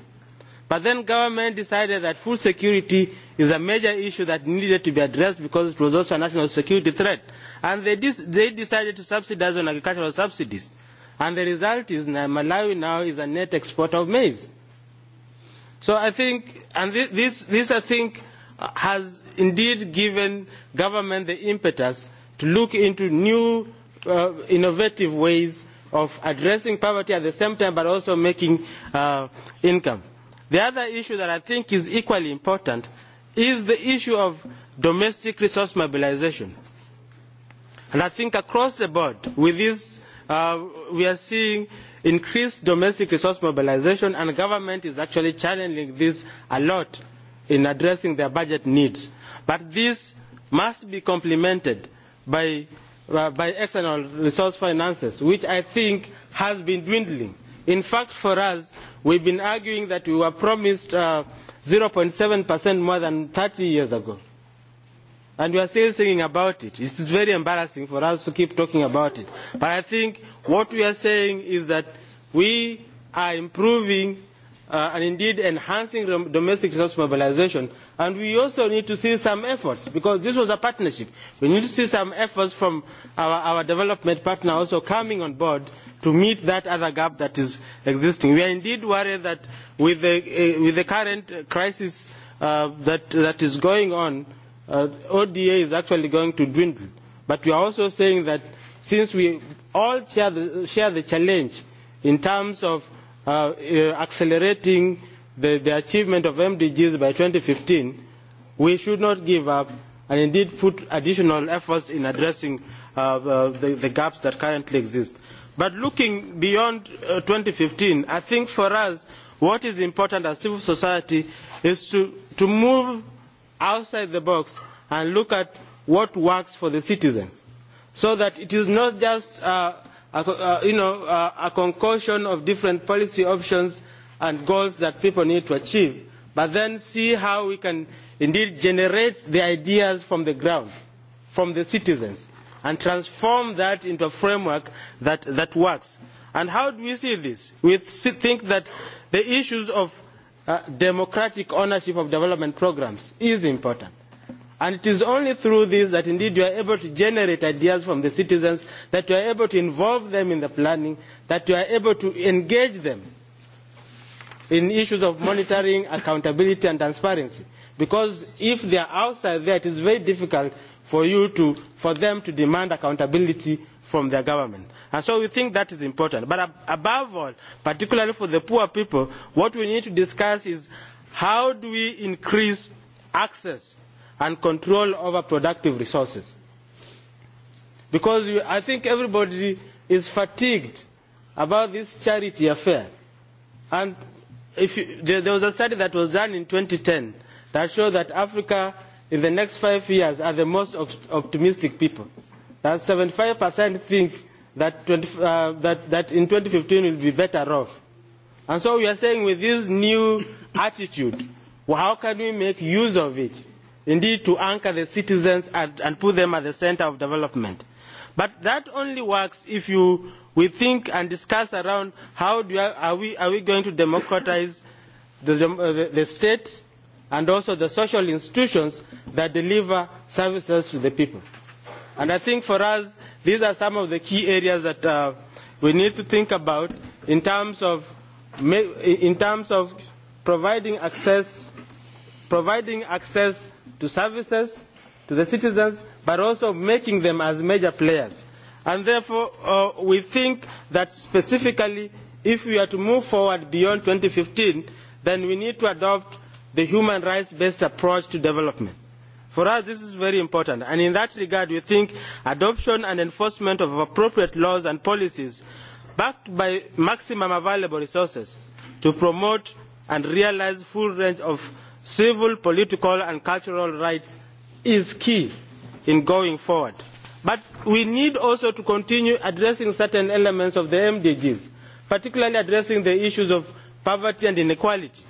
But then government decided that food security is a major issue that needed to be addressed because it was also a national security threat. And they, they decided to subsidize on agricultural subsidies. And the result is that Malawi now is a net exporter of maize. So I think, and this, this, this I think has indeed given government the impetus to look into new uh, innovative ways of addressing poverty at the same time but also making uh, income. The other issue that I think is equally important is the issue of domestic resource mobilization. And I think across the board, with this, uh, we are seeing increased domestic resource mobilization, and government is actually challenging this a lot in addressing their budget needs. But this must be complemented by, uh, by external resource finances, which I think has been dwindling. In fact, for us, We've been arguing that we were promised uh, 0.7% more than 30 years ago. And we are still singing about it. It's very embarrassing for us to keep talking about it. But I think what we are saying is that we are improving uh, and indeed enhancing domestic resource mobilization. And we also need to see some efforts, because this was a partnership. We need to see some efforts from our, our development partner also coming on board to meet that other gap that is existing. We are indeed worried that with the, uh, with the current crisis uh, that, that is going on, uh, ODA is actually going to dwindle. But we are also saying that since we all share the, share the challenge in terms of Uh, uh, accelerating the, the achievement of MDGs by 2015, we should not give up and indeed put additional efforts in addressing uh, uh, the, the gaps that currently exist. But looking beyond uh, 2015, I think for us, what is important as civil society is to, to move outside the box and look at what works for the citizens. So that it is not just uh, a, uh, you know, uh, a concoction of different policy options and goals that people need to achieve, but then see how we can indeed generate the ideas from the ground, from the citizens, and transform that into a framework that, that works. And how do we see this? We think that the issues of uh, democratic ownership of development programs is important and it is only through this that indeed you are able to generate ideas from the citizens that you are able to involve them in the planning that you are able to engage them in issues of monitoring accountability and transparency because if they are outside there it is very difficult for you to for them to demand accountability from their government and so we think that is important but ab above all particularly for the poor people what we need to discuss is how do we increase access and control over productive resources. Because you, I think everybody is fatigued about this charity affair. And if you, there, there was a study that was done in 2010 that showed that Africa in the next five years are the most op optimistic people. That 75% think that, 20, uh, that, that in 2015 will be better off. And so we are saying with this new attitude, well, how can we make use of it? indeed to anchor the citizens and, and put them at the centre of development. But that only works if you, we think and discuss around how do, are, we, are we going to democratize the, uh, the, the state and also the social institutions that deliver services to the people. And I think for us, these are some of the key areas that uh, we need to think about in terms of, in terms of providing access, providing access to services, to the citizens, but also making them as major players. And therefore, uh, we think that specifically, if we are to move forward beyond 2015, then we need to adopt the human rights-based approach to development. For us, this is very important. And in that regard, we think adoption and enforcement of appropriate laws and policies backed by maximum available resources to promote and realize full range of Civil, political and cultural rights is key in going forward. But we need also to continue addressing certain elements of the MDGs, particularly addressing the issues of poverty and inequality.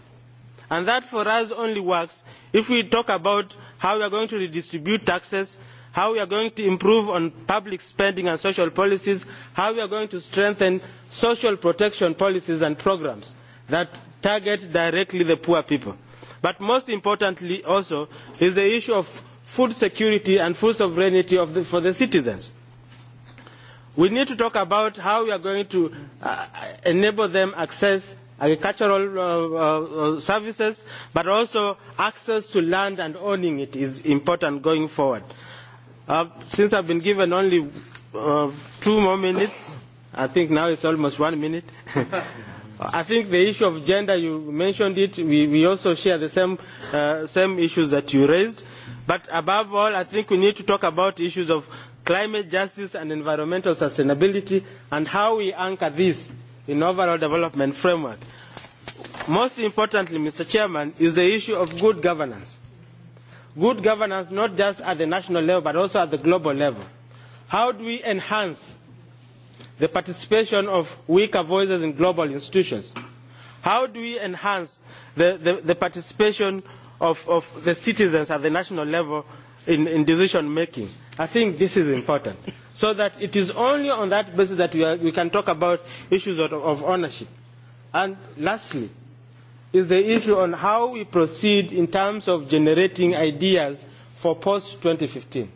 And that for us only works if we talk about how we are going to redistribute taxes, how we are going to improve on public spending and social policies, how we are going to strengthen social protection policies and programs that target directly the poor people. But most importantly also is the issue of food security and food sovereignty of the, for the citizens. We need to talk about how we are going to uh, enable them access agricultural uh, uh, uh, services, but also access to land and owning it is important going forward. Uh, since I've been given only uh, two more minutes, I think now it's almost one minute. I think the issue of gender, you mentioned it, we, we also share the same, uh, same issues that you raised. But above all, I think we need to talk about issues of climate justice and environmental sustainability and how we anchor this in overall development framework. Most importantly, Mr. Chairman, is the issue of good governance. Good governance not just at the national level but also at the global level. How do we enhance the participation of weaker voices in global institutions? How do we enhance the, the, the participation of, of the citizens at the national level in, in decision making? I think this is important. So that it is only on that basis that we, are, we can talk about issues of, of ownership. And lastly, is the issue on how we proceed in terms of generating ideas for post 2015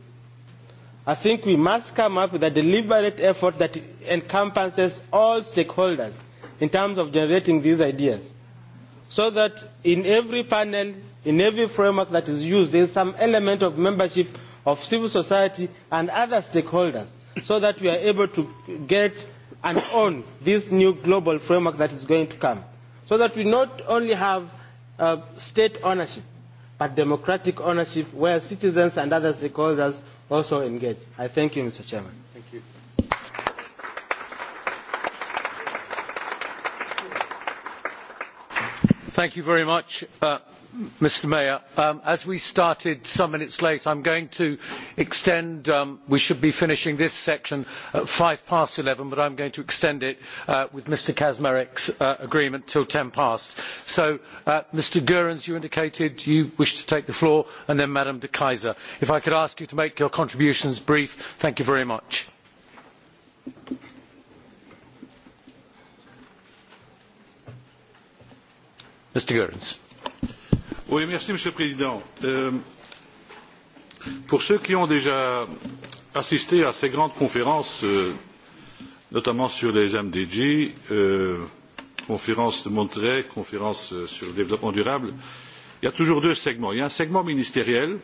i think we must come up with a deliberate effort that encompasses all stakeholders in terms of generating these ideas, so that in every panel, in every framework that is used, there is some element of membership of civil society and other stakeholders, so that we are able to get and own this new global framework that is going to come, so that we not only have uh, state ownership, but democratic ownership where citizens and other stakeholders also engage. I thank you, Mr. Chairman. mr uh, mayer um, as we started some minutes late i am going to extend um, we should be finishing this section at five past eleven but i am going to extend it uh, with mr kaczmarek's uh, agreement until ten past so mr goerens you indicated you wished to take the floor and then madam de keyser. if i could ask you to make your contributions brief thank you very much. Monsieur le Président. Euh, pour ceux qui ont déjà assisté à ces grandes conférences, euh, notamment sur les MDG, euh, conférence de monterrey conférence sur le développement durable, il y a toujours deux segments. Il y a un segment ministériel.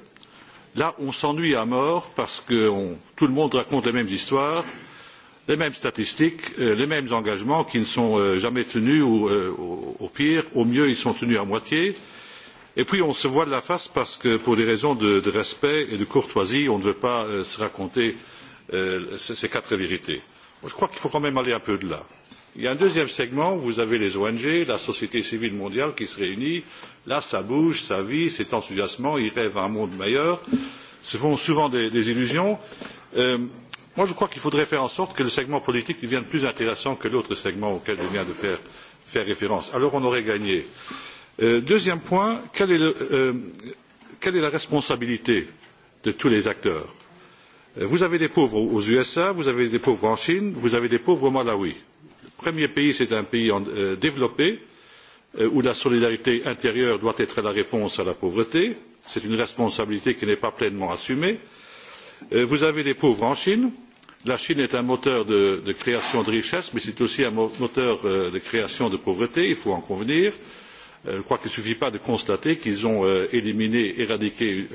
Là, on s'ennuie à mort parce que tout le monde raconte les mêmes histoires. Euh, les mêmes statistiques euh, les mêmes engagements qui ne sont euh, jamais tenus ou euh, au pire au mieux ils sont tenus à moitié et puis on se voile la face parce que pour des raisons de, de respect et de courtoisie on ne veut pas se raconter ces, quatre vérités. je crois qu'il faut quand même aller un peu de là. il y a un deuxième segment où vous avez les ong la société civile mondiale qui se réunit là ça bouge ça vit c'est enthousiasmant ils rêvent à un monde meilleur se font souvent des, des illusions. Euh, je crois qu'il faudrait faire en sorte que le segment politique devienne plus intéressant que l'autre segment auquel je viens de faire, référence. Alors, on aurait gagné. Euh, deuxième point, euh, quelle est, la responsabilité de tous les acteurs euh, Vous avez des pauvres aux USA, vous avez des pauvres en Chine, vous avez des pauvres au Malawi. Le premier pays, c'est un pays développé où la solidarité intérieure doit être la réponse à la pauvreté. C'est une responsabilité qui n'est pas pleinement assumée. vous avez des pauvres en Chine la chine est un moteur de, création de richesses mais c'est aussi un moteur euh, de création de pauvreté il faut en convenir. Euh, je crois qu'il ne suffit pas de constater qu'ils ont euh, éliminé éradiqué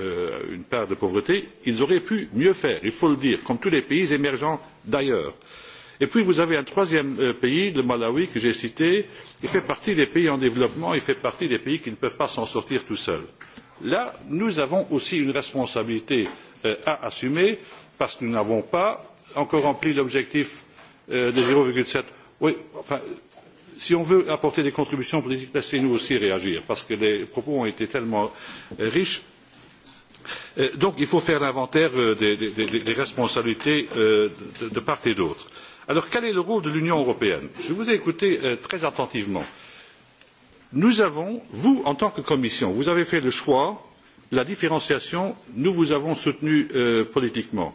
une part de pauvreté ils auraient pu mieux faire il faut le dire comme tous les pays émergents d'ailleurs. et puis vous avez un troisième pays le malawi que j'ai cité il fait partie des pays en développement il fait partie des pays qui ne peuvent pas s'en sortir tout seuls. là nous avons aussi une responsabilité à assumer parce que nous n'avons encore rempli l'objectif euh, de zéro sept oui enfin si on veut apporter des contributions politiques laissez nous aussi réagir parce que les propos ont été tellement euh, riches. Euh, donc il faut faire l'inventaire des, des, des, responsabilités de, de, part et d'autre. Alors quel est le rôle de l'Union européenne Je vous ai écouté très attentivement. Nous avons, vous en tant que Commission, vous avez fait le choix de la différenciation, nous vous avons soutenu politiquement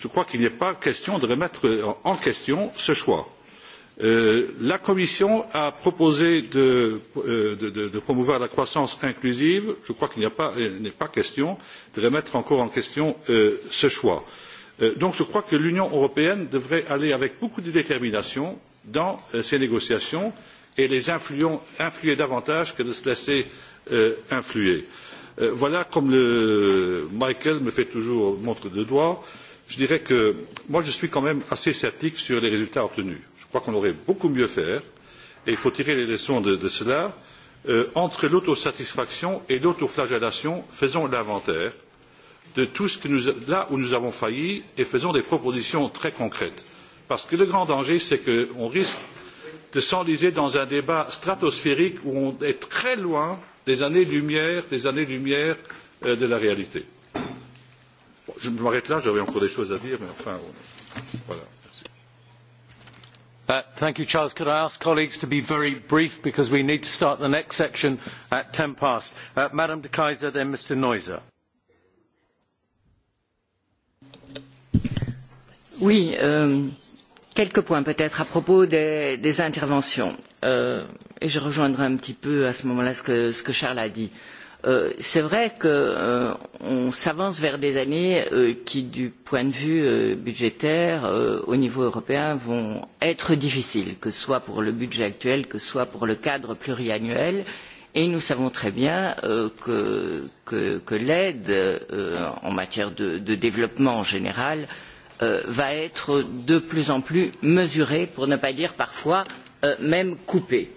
je crois qu'il n'est pas question de remettre en question ce choix. Euh, la commission a proposé euh, de, de, de, promouvoir la croissance inclusive je crois qu'il euh, n'est pas, pas question de remettre encore en question ce choix. donc je crois que l'union européenne devrait aller avec beaucoup de détermination dans ces négociations et les influer davantage que de se laisser influer. voilà comme le, michael me fait toujours montre de doigt je dirais que je suis quand même assez sceptique sur les résultats obtenus. Je crois qu'on aurait beaucoup mieux faire et il faut tirer les leçons de, de cela. Euh, entre l'autosatisfaction et l'autoflagellation, faisons l'inventaire de tout ce que nous, là où nous avons failli et faisons des propositions très concrètes. Parce que le grand danger, c'est qu'on risque de s'enliser dans un débat stratosphérique où on est très loin des années-lumière, des années-lumière euh, de la réalité. Je m'arrête là, j'avais encore des choses à dire, mais enfin, voilà. Uh, thank you, Charles. Could I ask colleagues to be very brief because we need to start the next section at 10 past. Uh, Madam de Kaiser, then Mr. Neuser. Oui, euh, quelques points peut-être à propos des, des interventions. Euh, et je rejoindrai un petit peu à ce moment-là ce que, ce que Charles a dit. Euh, Euh, c'est vrai qu'on euh, s'avance vers des années euh, qui, du point de vue euh, budgétaire, euh, au niveau européen, vont être difficiles, que ce soit pour le budget actuel, que ce soit pour le cadre pluriannuel. Et nous savons très bien euh, que, que, que l'aide euh, en matière de, de développement en général euh, va être de plus en plus mesurée, pour ne pas dire parfois euh, même coupée.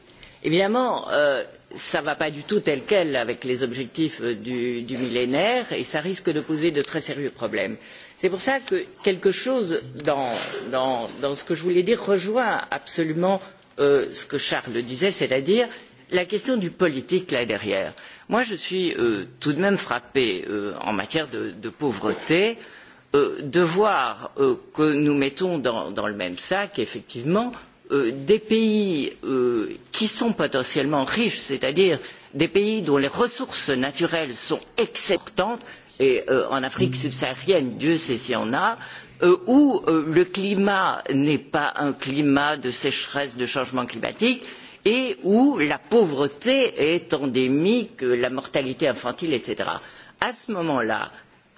Évidemment, euh, ça ne va pas du tout tel quel avec les objectifs euh, du, du millénaire et ça risque de poser de très sérieux problèmes. C'est pour ça que quelque chose dans, dans, dans ce que je voulais dire rejoint absolument euh, ce que Charles disait, c'est-à-dire la question du politique là derrière. Moi, je suis euh, tout de même frappée euh, en matière de, de pauvreté euh, de voir euh, que nous mettons dans, dans le même sac, effectivement, Euh, des pays euh, qui sont potentiellement riches, c'est-à-dire des pays dont les ressources naturelles sont excellentes, et euh, en Afrique subsaharienne, Dieu sait s'il y en a, où le climat n'est pas un climat de sécheresse, de changement climatique, et où la pauvreté est endémique, la mortalité infantile, etc. À ce moment-là,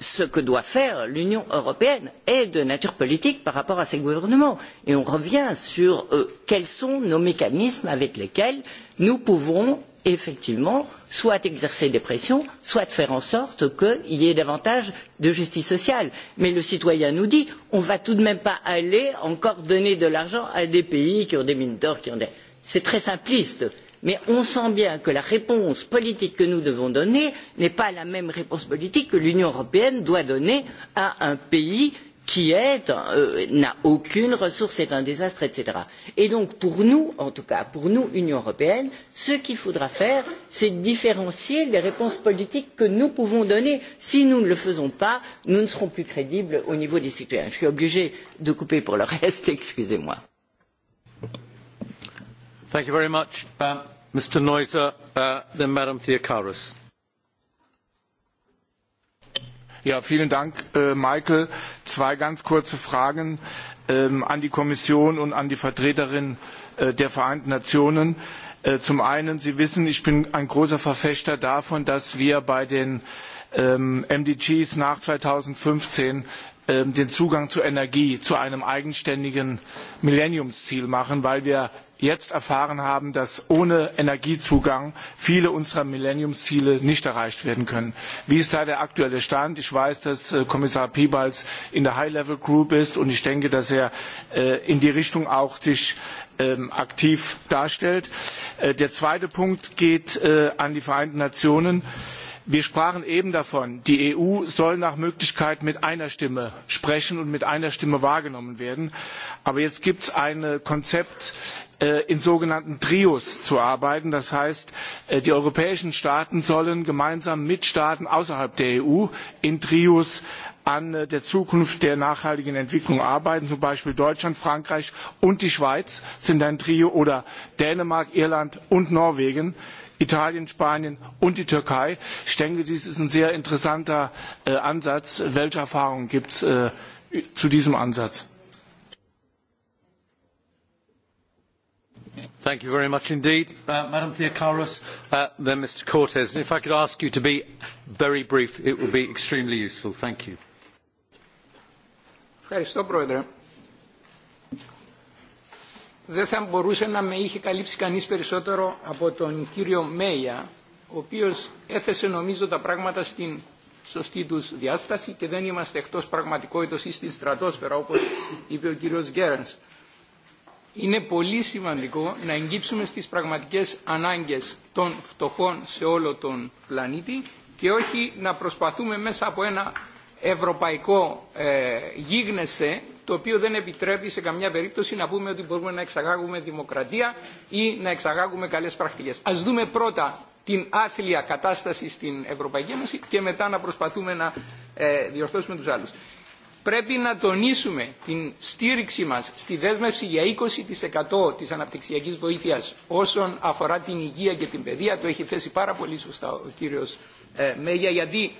ce que doit faire l'union européenne est de nature politique par rapport à ses gouvernements et on revient sur euh, quels sont nos mécanismes avec lesquels nous pouvons effectivement soit exercer des pressions soit faire en sorte qu'il y ait davantage de justice sociale. mais le citoyen nous dit on ne va tout de même pas aller encore donner de l'argent à des pays qui ont des mines d'or c'est très simpliste mais on sent bien que la réponse politique que nous devons donner n'est pas la même réponse politique que l'union européenne doit donner à un pays qui euh, n'a aucune ressource est un désastre etc. et donc pour nous en tout cas pour nous union européenne ce qu'il faudra faire c'est différencier les réponses politiques que nous pouvons donner si nous ne le faisons pas nous ne serons plus crédibles au niveau des citoyens. je suis obligé de couper pour le reste excusez moi. Mr. Neuser, uh, then Madam Theocaris. Ja, vielen Dank, äh, Michael. Zwei ganz kurze Fragen ähm, an die Kommission und an die Vertreterin äh, der Vereinten Nationen. Äh, zum einen, Sie wissen, ich bin ein großer Verfechter davon, dass wir bei den ähm, MDGs nach 2015 ähm, den Zugang zu Energie zu einem eigenständigen Millenniumsziel machen, weil wir jetzt erfahren haben, dass ohne Energiezugang viele unserer Millenniumsziele nicht erreicht werden können. Wie ist da der aktuelle Stand? Ich weiß, dass äh, Kommissar Piebalgs in der High-Level Group ist und ich denke, dass er äh, in die Richtung auch sich ähm, aktiv darstellt. Äh, der zweite Punkt geht an die Vereinten Nationen. Wir sprachen eben davon, die EU soll nach Möglichkeit mit einer Stimme sprechen und mit einer Stimme wahrgenommen werden. Aber jetzt gibt es ein Konzept Äh, in sogenannten Trios zu arbeiten. Das heißt, äh, die europäischen Staaten sollen gemeinsam mit Staaten außerhalb der EU in Trios an äh, der Zukunft der nachhaltigen Entwicklung arbeiten. Zum Beispiel Deutschland, Frankreich und die Schweiz sind ein Trio oder Dänemark, Irland und Norwegen. Italien, Spanien und die Türkei. Ich denke, dies ist ein sehr interessanter Ansatz. Welche Erfahrungen gibt es zu diesem Ansatz? Thank you very much indeed. Uh, Madam Theocaros, uh, then Mr. Cortes. If I could ask you to be very brief, it would be extremely useful. Thank you. Ευχαριστώ, Πρόεδρε. Δεν θα μπορούσε να με είχε καλύψει κανείς περισσότερο από τον κύριο Μέια, ο οποίος έθεσε νομίζω τα πράγματα στην σωστή τους διάσταση και δεν είμαστε εκτός πραγματικότητας ή στην στρατόσφαιρα, όπως είπε ο κύριος Γκέρενς είναι πολύ σημαντικό να εγγύψουμε στις πραγματικές ανάγκες των φτωχών σε όλο τον πλανήτη και όχι να προσπαθούμε μέσα από ένα ευρωπαϊκό ε, γίγνεσθε το οποίο δεν επιτρέπει σε καμιά περίπτωση να πούμε ότι μπορούμε να εξαγάγουμε δημοκρατία ή να εξαγάγουμε καλές πρακτικές. Ας δούμε πρώτα την άθλια κατάσταση στην Ευρωπαϊκή Ένωση και μετά να προσπαθούμε να ε, διορθώσουμε τους άλλους πρέπει να τονίσουμε την στήριξη μας στη δέσμευση για 20% της αναπτυξιακής βοήθειας όσον αφορά την υγεία και την παιδεία. Το έχει θέσει πάρα πολύ σωστά ο κύριος ε, Μέγια γιατί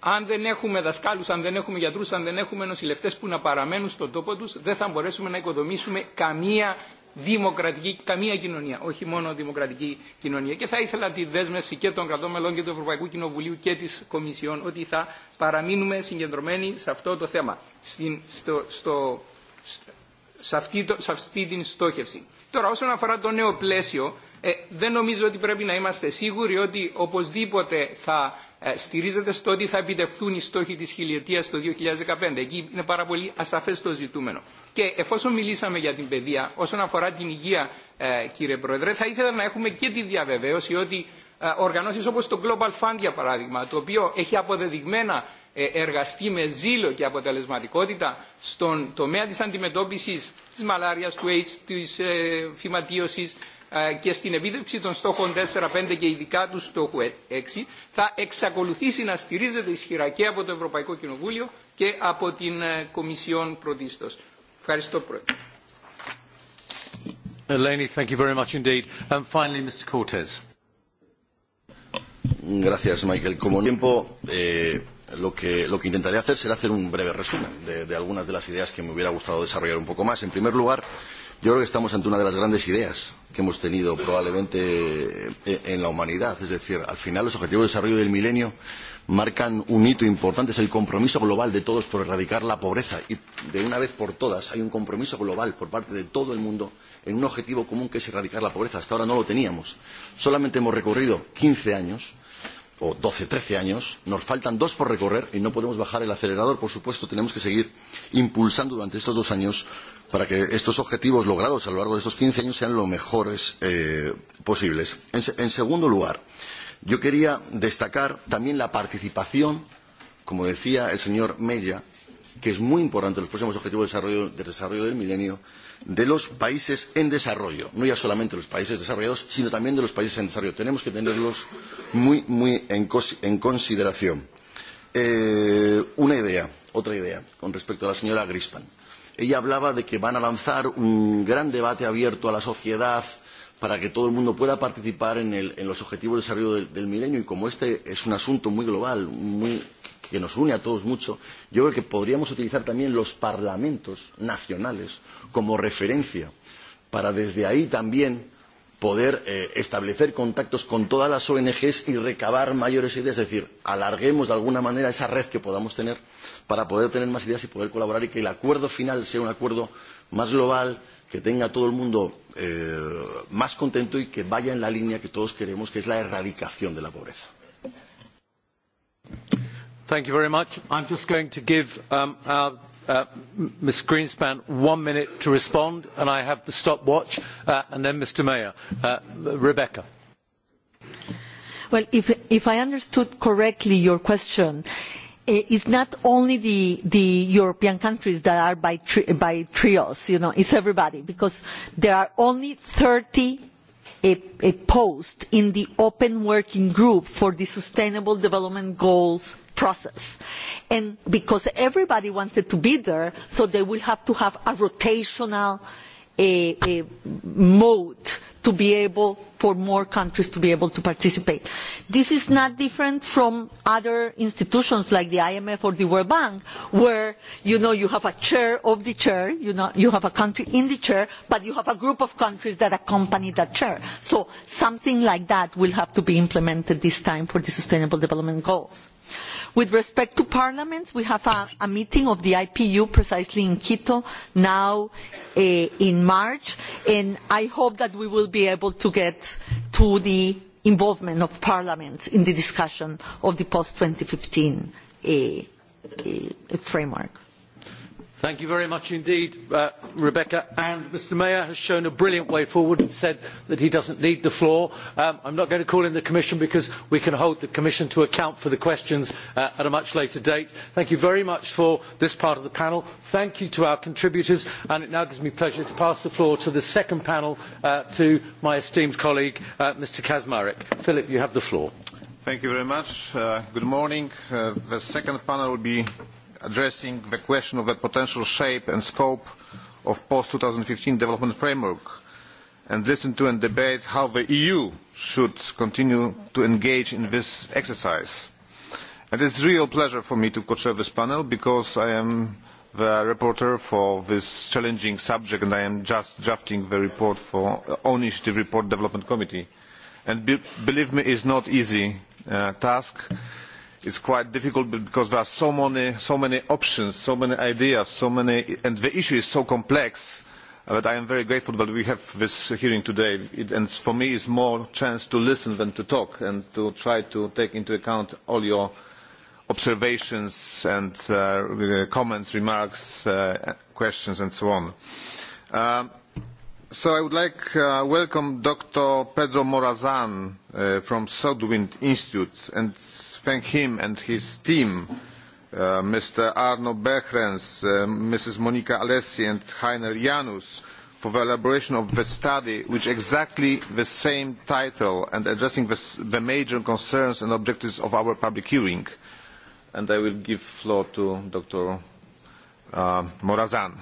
αν δεν έχουμε δασκάλους, αν δεν έχουμε γιατρούς, αν δεν έχουμε νοσηλευτές που να παραμένουν στον τόπο τους δεν θα μπορέσουμε να οικοδομήσουμε καμία δημοκρατική, καμία κοινωνία, όχι μόνο δημοκρατική κοινωνία. Και θα ήθελα τη δέσμευση και των κρατών μελών και του Ευρωπαϊκού Κοινοβουλίου και της Κομισιόν ότι θα παραμείνουμε συγκεντρωμένοι σε αυτό το θέμα, στην, στο, στο, σε, αυτή το, σε αυτή την στόχευση. Τώρα όσον αφορά το νέο πλαίσιο, ε, δεν νομίζω ότι πρέπει να είμαστε σίγουροι ότι οπωσδήποτε θα στηρίζεται στο ότι θα επιτευχθούν οι στόχοι της χιλιετίας το 2015. Εκεί είναι πάρα πολύ ασαφές το ζητούμενο. Και εφόσον μιλήσαμε για την παιδεία, όσον αφορά την υγεία, ε, κύριε Πρόεδρε, θα ήθελα να έχουμε και τη διαβεβαίωση ότι ε, οργανώσεις όπως το Global Fund, για παράδειγμα, το οποίο έχει αποδεδειγμένα εργαστεί με ζήλο και αποτελεσματικότητα στον τομέα της αντιμετώπισης της μαλάριας, του AIDS, της ε, φυματίωσης, και στην επίτευξη των στόχων 4, 5 και ειδικά του στόχου 6 θα εξακολουθήσει να στηρίζεται ισχυρά και από το Ευρωπαϊκό Κοινοβούλιο και από την Κομισιόν πρωτίστως. Ευχαριστώ Πρόεδρε. Eleni, thank you very much indeed. And finally, Mr. Cortez. Gracias, Michael. Como no tiempo, eh, lo que, lo que intentaré hacer será hacer un breve resumen de, de algunas de las ideas que me hubiera gustado desarrollar un poco más. En primer lugar, Yo creo que estamos ante una de las grandes ideas que hemos tenido probablemente eh, eh, en la humanidad. Es decir, al final los objetivos de desarrollo del milenio marcan un hito importante, es el compromiso global de todos por erradicar la pobreza. Y de una vez por todas hay un compromiso global por parte de todo el mundo en un objetivo común que es erradicar la pobreza. Hasta ahora no lo teníamos. Solamente hemos recorrido 15 años o 12, 13 años, nos faltan dos por recorrer y no podemos bajar el acelerador, por supuesto, tenemos que seguir impulsando durante estos dos años para que estos objetivos logrados a lo largo de estos 15 años sean lo mejores eh, posibles. En, en segundo lugar, yo quería destacar también la participación, como decía el señor Mella, que es muy importante en los próximos objetivos de desarrollo, de desarrollo del milenio, de los países en desarrollo, no ya solamente los países desarrollados, sino también de los países en desarrollo. Tenemos que tenerlos muy, muy en, cos en consideración. Eh, una idea, otra idea, con respecto a la señora Grispan. Ella hablaba de que van a lanzar un gran debate abierto a la sociedad para que todo el mundo pueda participar en, el, en los objetivos de desarrollo del, del milenio. Y como este es un asunto muy global, muy, que nos une a todos mucho, yo creo que podríamos utilizar también los parlamentos nacionales como referencia para desde ahí también poder eh, establecer contactos con todas las ONGs y recabar mayores ideas, es decir, alarguemos de alguna manera esa red que podamos tener para poder tener más ideas y poder colaborar y que el acuerdo final sea un acuerdo más global, que tenga a todo el mundo eh, más contento y que vaya en la línea que todos queremos, que es la erradicación de la pobreza. Thank you very much. I'm just going to give um, our Uh, Ms Greenspan one minute to respond, and I have the stopwatch, uh, and then Mr Mayor. Uh, Rebecca. Well, if, if I understood correctly your question, eh, it's not only the, the European countries that are by, tri by trios, you know, it's everybody, because there are only 30 a, a posts in the open working group for the Sustainable Development Goals process. And because everybody wanted to be there, so they will have to have a rotational a, eh, a eh, mode to be able for more countries to be able to participate. This is not different from other institutions like the IMF or the World Bank, where you know you have a chair of the chair, you know you have a country in the chair, but you have a group of countries that accompany that chair. So something like that will have to be implemented this time for the Sustainable Development Goals. With respect to parliaments, we have a, a meeting of the IPU precisely in Quito now uh, in March, and I hope that we will be able to get to the involvement of parliaments in the discussion of the post-2015 uh, uh, framework. Thank you very much indeed, uh, Rebecca. And Mr Mayor has shown a brilliant way forward and said that he doesn't need the floor. Um, I'm not going to call in the Commission because we can hold the Commission to account for the questions uh, at a much later date. Thank you very much for this part of the panel. Thank you to our contributors. And it now gives me pleasure to pass the floor to the second panel uh, to my esteemed colleague, uh, Mr Kazmarek. Philip, you have the floor. Thank you very much. Uh, good morning. Uh, the second panel will be addressing the question of the potential shape and scope of post 2015 development framework and listen to and debate how the EU should continue to engage in this exercise. It is a real pleasure for me to co-chair this panel because I am the rapporteur for this challenging subject and I am just drafting the report for uh, own initiative report development committee. And be, believe me, is not easy uh, task is quite difficult because there are so many, so many options, so many ideas, so many, and the issue is so complex that I am very grateful that we have this hearing today. It, and for me, it's more chance to listen than to talk and to try to take into account all your observations and uh, comments, remarks, uh, questions, and so on. Um, so I would like to uh, welcome Dr. Pedro Morazan uh, from Southwind Institute and thank him and his team, uh, Mr. Arno Behrens, uh, Mrs. Monika Alessi and Heiner Janus, for the elaboration of the study, which exactly the same title and addressing the, the major concerns and objectives of our public hearing. And I will give floor to Dr. Uh, Morazan.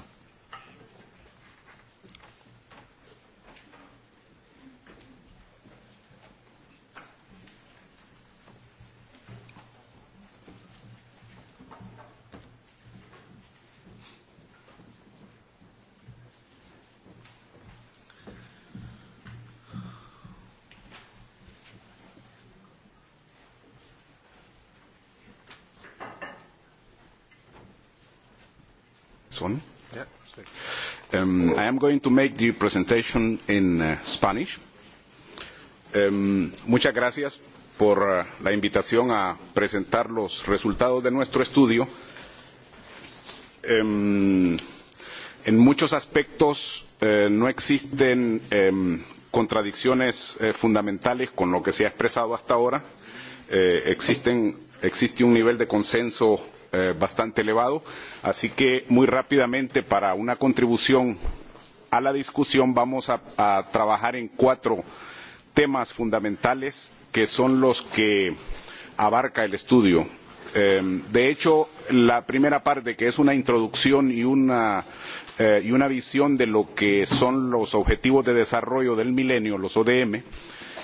on? Yeah. Um, I am going to make the presentation in uh, Spanish. Um, muchas gracias por uh, la invitación a presentar los resultados de nuestro estudio. Um, en muchos aspectos eh, no existen eh, contradicciones eh, fundamentales con lo que se ha expresado hasta ahora. Eh, existen, existe un nivel de consenso eh, bastante elevado. Así que muy rápidamente, para una contribución a la discusión, vamos a, a trabajar en cuatro temas fundamentales que son los que abarca el estudio. Eh, de hecho, la primera parte, que es una introducción y una, eh, y una visión de lo que son los objetivos de desarrollo del milenio, los ODM, eh,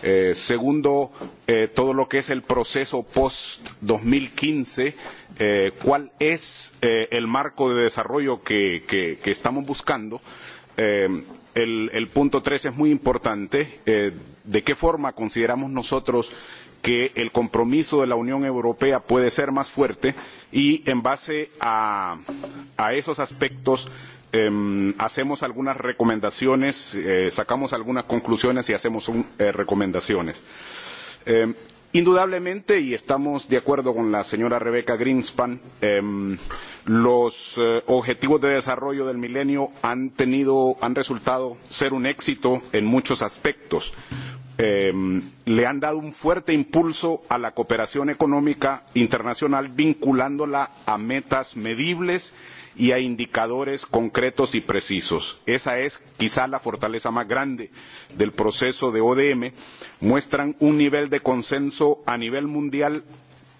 Eh, segundo, eh, todo lo que es el proceso post-2015, eh, cuál es eh, el marco de desarrollo que, que, que estamos buscando. Eh, el, el punto tres es muy importante. Eh, ¿De qué forma consideramos nosotros que el compromiso de la Unión Europea puede ser más fuerte y en base a, a esos aspectos eh, hacemos algunas recomendaciones, eh, sacamos algunas conclusiones y hacemos un, eh, recomendaciones. Eh, Indudablemente, y estamos de acuerdo con la señora Rebeca Greenspan, eh, los eh, objetivos de desarrollo del milenio han, tenido, han resultado ser un éxito en muchos aspectos. Eh, le han dado un fuerte impulso a la cooperación económica internacional vinculándola a metas medibles y a indicadores concretos y precisos. Esa es quizá la fortaleza más grande del proceso de ODM. Muestran un nivel de consenso a nivel mundial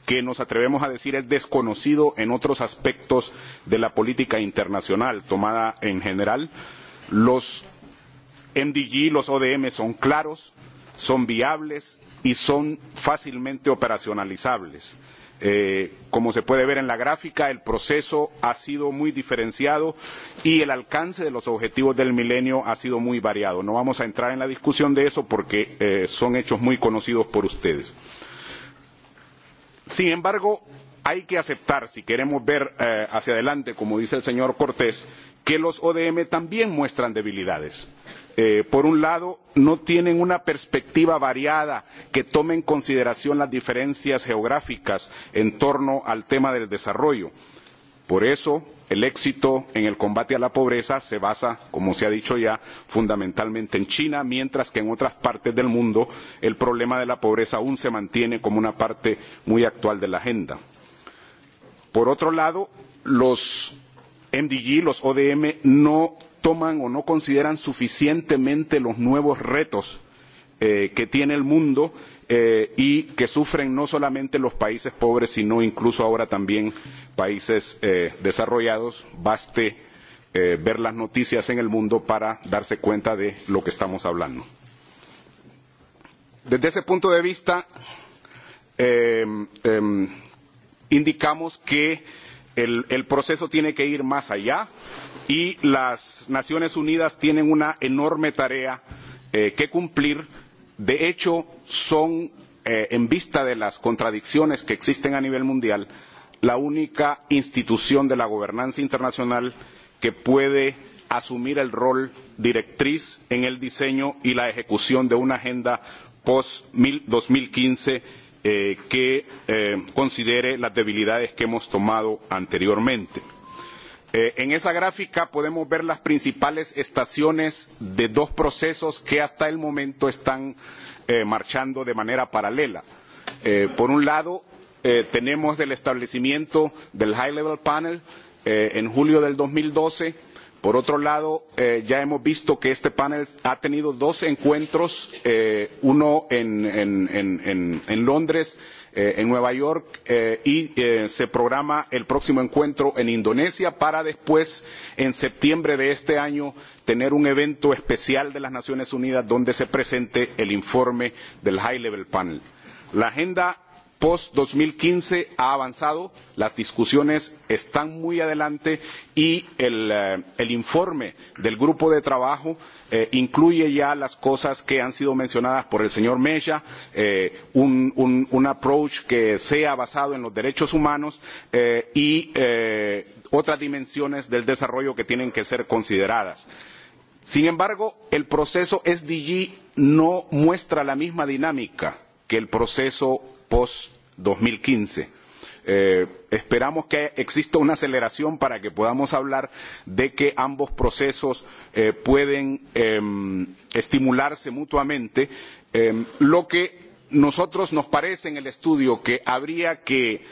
que nos atrevemos a decir es desconocido en otros aspectos de la política internacional tomada en general. Los MDG, los ODM son claros, son viables y son fácilmente operacionalizables. Eh, como se puede ver en la gráfica, el proceso ha sido muy diferenciado y el alcance de los objetivos del milenio ha sido muy variado. No vamos a entrar en la discusión de eso porque eh, son hechos muy conocidos por ustedes. Sin embargo, hay que aceptar, si queremos ver eh, hacia adelante, como dice el señor Cortés, que los ODM también muestran debilidades eh, por un lado, no tienen una perspectiva variada que tome en consideración las diferencias geográficas en torno al tema del desarrollo. Por eso, el éxito en el combate a la pobreza se basa, como se ha dicho ya, fundamentalmente en China, mientras que en otras partes del mundo el problema de la pobreza aún se mantiene como una parte muy actual de la agenda. Por otro lado, los MDG, los ODM, no toman o no consideran suficientemente los nuevos retos eh, que tiene el mundo eh, y que sufren no solamente los países pobres, sino incluso ahora también países eh, desarrollados. Baste eh, ver las noticias en el mundo para darse cuenta de lo que estamos hablando. Desde ese punto de vista, eh, eh, indicamos que el, el proceso tiene que ir más allá y las Naciones Unidas tienen una enorme tarea eh, que cumplir. De hecho, son, eh, en vista de las contradicciones que existen a nivel mundial, la única institución de la gobernanza internacional que puede asumir el rol directriz en el diseño y la ejecución de una agenda post 2015 eh, que eh, considere las debilidades que hemos tomado anteriormente. Eh, en esa gráfica podemos ver las principales estaciones de dos procesos que hasta el momento están eh, marchando de manera paralela. Eh, por un lado, eh, tenemos el establecimiento del High Level Panel eh, en julio del 2012. Por otro lado, eh, ya hemos visto que este panel ha tenido dos encuentros, eh, uno en, en, en, en, en Londres eh, en Nueva York eh, y eh, se programa el próximo encuentro en Indonesia para después, en septiembre de este año, tener un evento especial de las Naciones Unidas donde se presente el informe del High Level Panel. La agenda post 2015 ha avanzado, las discusiones están muy adelante y el, eh, el informe del grupo de trabajo eh, incluye ya las cosas que han sido mencionadas por el señor Mella, eh, un, un, un approach que sea basado en los derechos humanos eh, y eh, otras dimensiones del desarrollo que tienen que ser consideradas. Sin embargo, el proceso SDG no muestra la misma dinámica que el proceso post-2015 Eh, esperamos que exista una aceleración para que podamos hablar de que ambos procesos eh, pueden eh, estimularse mutuamente. Eh, lo que nosotros nos parece en el estudio que habría que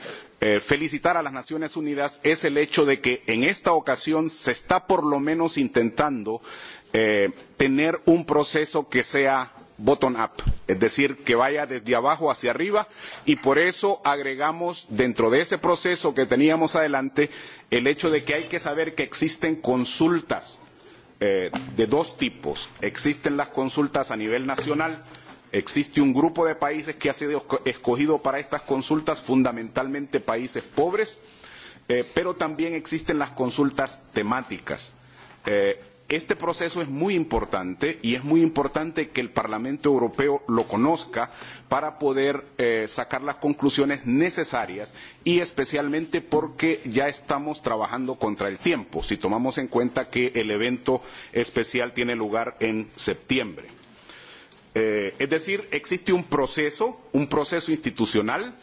eh, felicitar a las Naciones Unidas es el hecho de que en esta ocasión se está por lo menos intentando eh, tener un proceso que sea bottom-up, es decir, que vaya desde abajo hacia arriba y por eso agregamos dentro de ese proceso que teníamos adelante el hecho de que hay que saber que existen consultas eh, de dos tipos. Existen las consultas a nivel nacional, existe un grupo de países que ha sido escogido para estas consultas, fundamentalmente países pobres, eh, pero también existen las consultas temáticas. Eh, Este proceso es muy importante y es muy importante que el Parlamento Europeo lo conozca para poder eh, sacar las conclusiones necesarias y especialmente porque ya estamos trabajando contra el tiempo, si tomamos en cuenta que el evento especial tiene lugar en septiembre. Eh, es decir, existe un proceso, un proceso institucional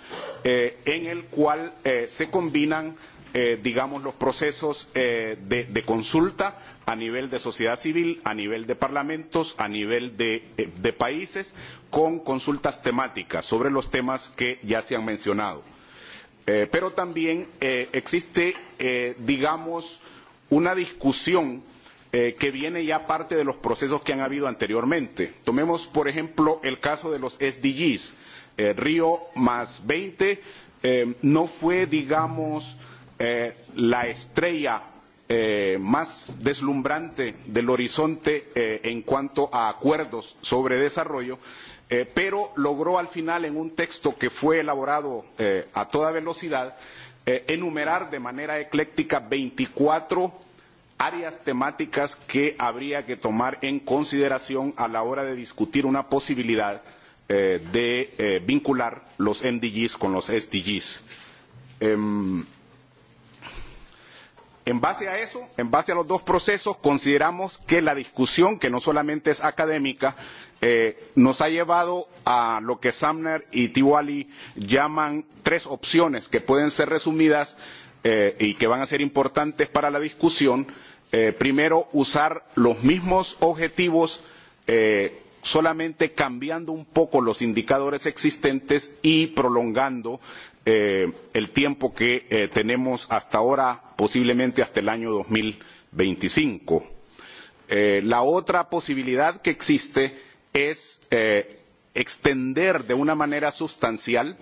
eh, en el cual eh, se combinan eh, digamos, los procesos eh, de, de consulta a nivel de sociedad civil, a nivel de parlamentos, a nivel de, eh, de países, con consultas temáticas sobre los temas que ya se han mencionado. Eh, pero también eh, existe, eh, digamos, una discusión eh, que viene ya parte de los procesos que han habido anteriormente. Tomemos, por ejemplo, el caso de los SDGs. Eh, Río más 20 eh, no fue, digamos, eh, eh, la estrella eh, más deslumbrante del horizonte eh, en cuanto a acuerdos sobre desarrollo, eh, pero logró al final en un texto que fue elaborado eh, a toda velocidad eh, enumerar de manera ecléctica 24 áreas temáticas que habría que tomar en consideración a la hora de discutir una posibilidad eh, de eh, vincular los MDGs con los SDGs. Eh, En base a eso, en base a los dos procesos, consideramos que la discusión, que no solamente es académica, eh, nos ha llevado a lo que Samner y Tiwali llaman tres opciones que pueden ser resumidas eh, y que van a ser importantes para la discusión. Eh, primero, usar los mismos objetivos eh, solamente cambiando un poco los indicadores existentes y prolongando eh, el tiempo que eh, tenemos hasta ahora, posiblemente hasta el año 2025. Eh, la otra posibilidad que existe es eh, extender de una manera sustancial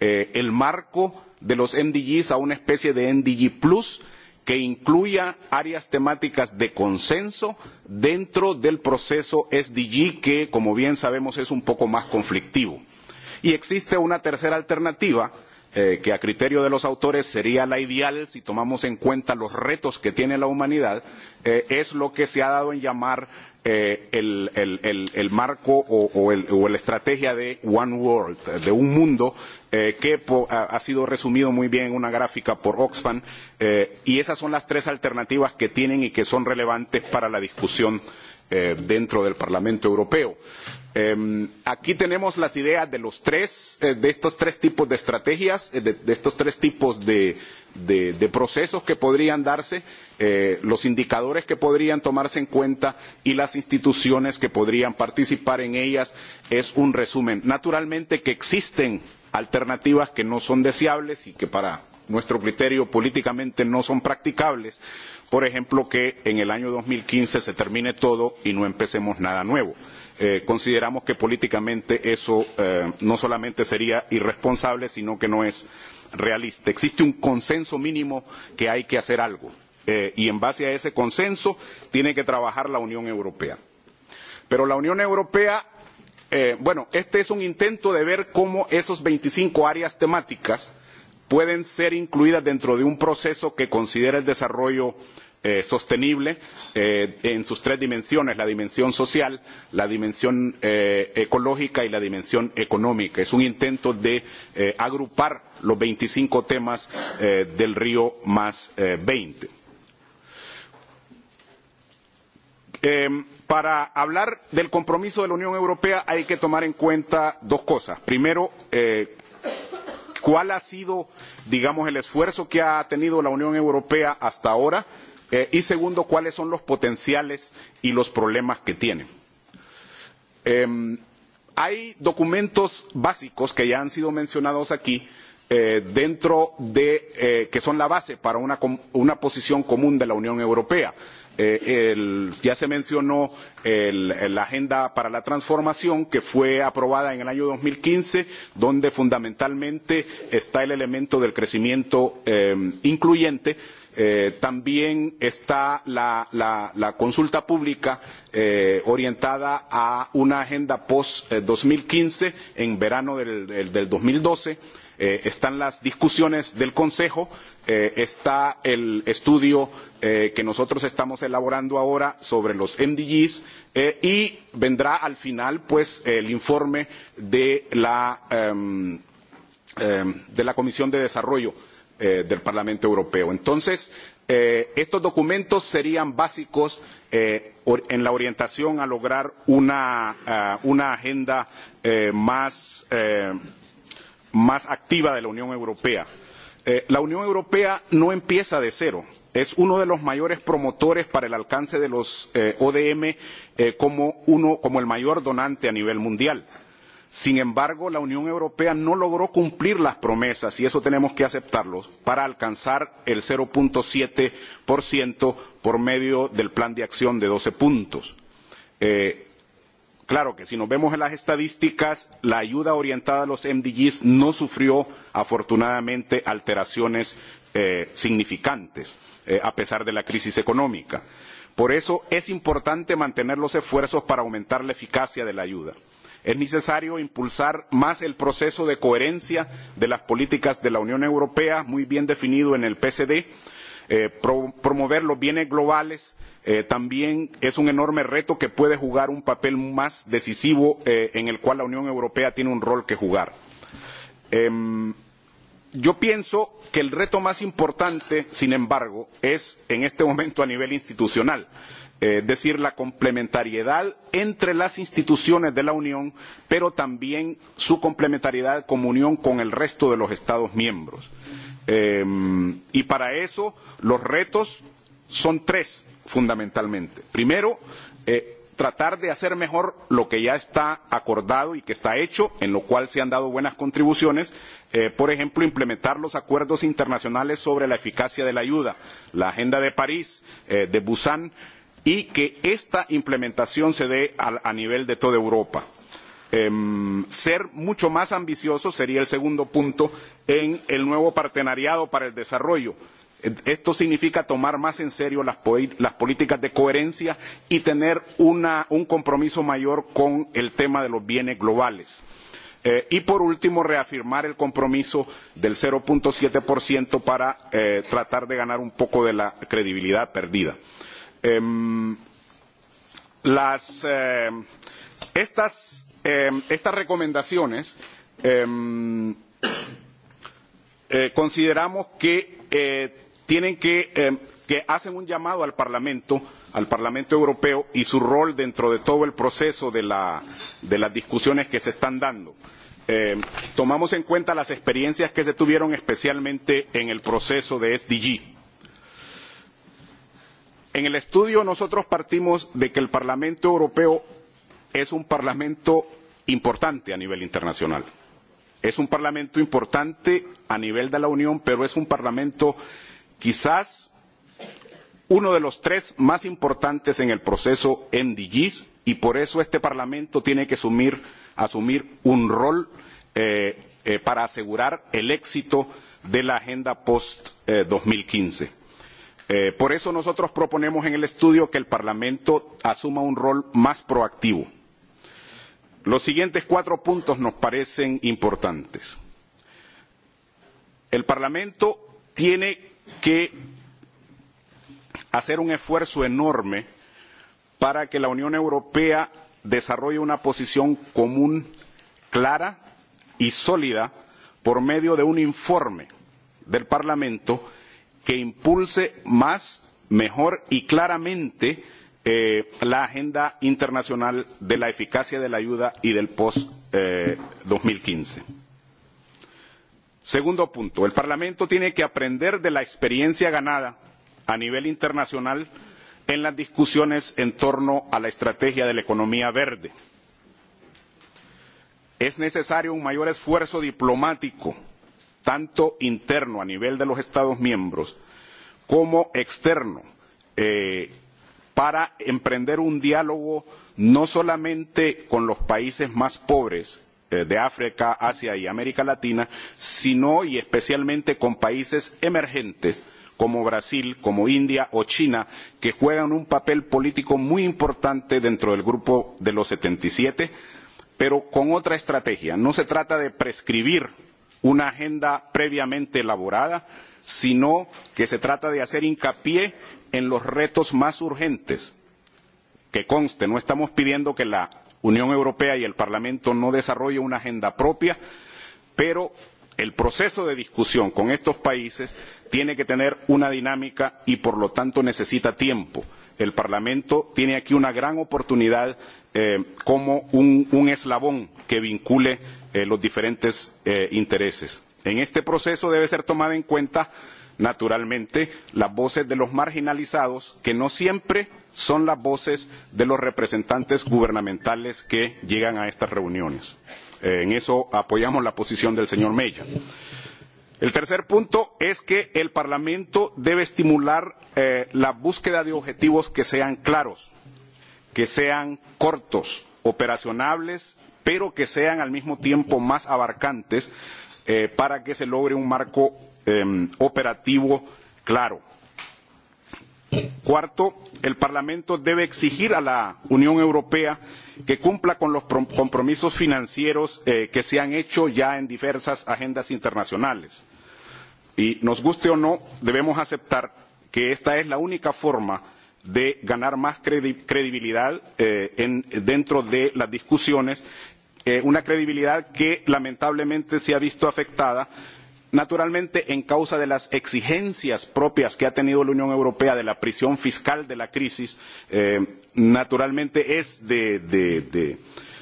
eh, el marco de los MDGs a una especie de MDG Plus que incluya áreas temáticas de consenso dentro del proceso SDG que, como bien sabemos, es un poco más conflictivo. Y existe una tercera alternativa, eh, que a criterio de los autores sería la ideal si tomamos en cuenta los retos que tiene la humanidad, eh, es lo que se ha dado en llamar eh, el, el, el, el marco o, o, el, o la estrategia de One World, de un mundo eh, que po, ha, ha sido resumido muy bien en una gráfica por Oxfam. Eh, y esas son las tres alternativas que tienen y que son relevantes para la discusión eh, dentro del Parlamento Europeo. Eh, aquí tenemos las ideas de los tres, eh, de estos tres tipos de estrategias, eh, de, de estos tres tipos de, de, de procesos que podrían darse, eh, los indicadores que podrían tomarse en cuenta y las instituciones que podrían participar en ellas es un resumen. Naturalmente que existen alternativas que no son deseables y que para nuestro criterio políticamente no son practicables, por ejemplo que en el año 2015 se termine todo y no empecemos nada nuevo eh, consideramos que políticamente eso eh, no solamente sería irresponsable, sino que no es realista. Existe un consenso mínimo que hay que hacer algo eh, y en base a ese consenso tiene que trabajar la Unión Europea. Pero la Unión Europea, eh, bueno, este es un intento de ver cómo esos 25 áreas temáticas pueden ser incluidas dentro de un proceso que considera el desarrollo eh, eh, sostenible eh, en sus tres dimensiones, la dimensión social, la dimensión eh, ecológica y la dimensión económica. Es un intento de eh, agrupar los 25 temas eh, del Río más eh, 20. Eh, para hablar del compromiso de la Unión Europea hay que tomar en cuenta dos cosas. Primero, eh, cuál ha sido, digamos, el esfuerzo que ha tenido la Unión Europea hasta ahora Eh, y segundo, cuáles son los potenciales y los problemas que tiene. Eh, hay documentos básicos que ya han sido mencionados aquí eh, dentro de eh, que son la base para una, una posición común de la Unión Europea. Eh, el, ya se mencionó la agenda para la transformación que fue aprobada en el año 2015, donde fundamentalmente está el elemento del crecimiento eh, incluyente Eh, también está la, la, la consulta pública eh, orientada a una agenda post-2015 eh, en verano del, del, del 2012. Eh, están las discusiones del Consejo, eh, está el estudio eh, que nosotros estamos elaborando ahora sobre los MDGs eh, y vendrá al final pues el informe de la, um, um, de la Comisión de Desarrollo eh, del Parlamento Europeo. Entonces, eh, estos documentos serían básicos eh, en la orientación a lograr una, uh, una agenda eh, más, eh, más activa de la Unión Europea. Eh, la Unión Europea no empieza de cero. Es uno de los mayores promotores para el alcance de los eh, ODM eh, como, uno, como el mayor donante a nivel mundial. Eh, Sin embargo, la Unión Europea no logró cumplir las promesas, y eso tenemos que aceptarlo, para alcanzar el 0.7% por medio del plan de acción de 12 puntos. Eh, Claro que si nos vemos en las estadísticas, la ayuda orientada a los MDGs no sufrió afortunadamente alteraciones eh, significantes, eh, a pesar de la crisis económica. Por eso es importante mantener los esfuerzos para aumentar la eficacia de la ayuda es necesario impulsar más el proceso de coherencia de las políticas de la Unión Europea, muy bien definido en el PCD, eh, pro, promover los bienes globales eh, también es un enorme reto que puede jugar un papel más decisivo eh, en el cual la Unión Europea tiene un rol que jugar. Eh, yo pienso que el reto más importante, sin embargo, es en este momento a nivel institucional es eh, decir, la complementariedad entre las instituciones de la Unión, pero también su complementariedad como Unión con el resto de los Estados miembros. Eh, y para eso los retos son tres, fundamentalmente. Primero, eh, tratar de hacer mejor lo que ya está acordado y que está hecho, en lo cual se han dado buenas contribuciones, eh, por ejemplo, implementar los acuerdos internacionales sobre la eficacia de la ayuda, la Agenda de París, eh, de Busan, y que esta implementación se dé a, a nivel de toda Europa. Eh, ser mucho más ambicioso sería el segundo punto en el nuevo partenariado para el desarrollo. Esto significa tomar más en serio las, las políticas de coherencia y tener una, un compromiso mayor con el tema de los bienes globales. Eh, y por último, reafirmar el compromiso del 0.7% para eh, tratar de ganar un poco de la credibilidad perdida. Eh, estas, recomendaciones eh, consideramos que eh, tienen que que hacen un llamado al Parlamento, al Parlamento Europeo y su rol dentro de todo el proceso de, la, de las discusiones que se están dando. Eh, tomamos en cuenta las experiencias que se tuvieron especialmente en el proceso de SDG En el estudio nosotros partimos de que el Parlamento Europeo es un Parlamento importante a nivel internacional. Es un Parlamento importante a nivel de la Unión, pero es un Parlamento quizás uno de los tres más importantes en el proceso MDGs y por eso este Parlamento tiene que asumir, asumir un rol eh, eh, para asegurar el éxito de la agenda post-2015. Eh, Eh, por eso nosotros proponemos en el estudio que el Parlamento asuma un rol más proactivo. Los siguientes cuatro puntos nos parecen importantes. El Parlamento tiene que hacer un esfuerzo enorme para que la Unión Europea desarrolle una posición común clara y sólida por medio de un informe del Parlamento que impulse más, mejor y claramente eh, la agenda internacional de la eficacia de la ayuda y del post-2015. Eh, Segundo punto, el Parlamento tiene que aprender de la experiencia ganada a nivel internacional en las discusiones en torno a la estrategia de la economía verde. Es necesario un mayor esfuerzo diplomático tanto interno a nivel de los Estados miembros como externo, eh, para emprender un diálogo no solamente con los países más pobres eh, de África, Asia y América Latina, sino y especialmente con países emergentes como Brasil, como India o China, que juegan un papel político muy importante dentro del grupo de los 77, pero con otra estrategia. No se trata de prescribir una agenda previamente elaborada, sino que se trata de hacer hincapié en los retos más urgentes. Que conste, no estamos pidiendo que la Unión Europea y el Parlamento no desarrolle una agenda propia, pero el proceso de discusión con estos países tiene que tener una dinámica y por lo tanto necesita tiempo. El Parlamento tiene aquí una gran oportunidad eh, como un, un eslabón que vincule eh, los diferentes eh, intereses. En este proceso debe ser tomada en cuenta, naturalmente, las voces de los marginalizados, que no siempre son las voces de los representantes gubernamentales que llegan a estas reuniones. Eh, en eso apoyamos la posición del señor Mella. El tercer punto es que el Parlamento debe estimular eh, la búsqueda de objetivos que sean claros, que sean cortos, operacionables pero que sean al mismo tiempo más abarcantes eh, para que se logre un marco eh, operativo claro. Cuarto, el Parlamento debe exigir a la Unión Europea que cumpla con los compromisos financieros eh, que se han hecho ya en diversas agendas internacionales. Y nos guste o no, debemos aceptar que esta es la única forma de ganar más credibilidad eh, en, dentro de las discusiones eh, una credibilidad que lamentablemente se ha visto afectada naturalmente en causa de las exigencias propias que ha tenido la Unión Europea de la prisión fiscal de la crisis, eh, naturalmente es de, de, de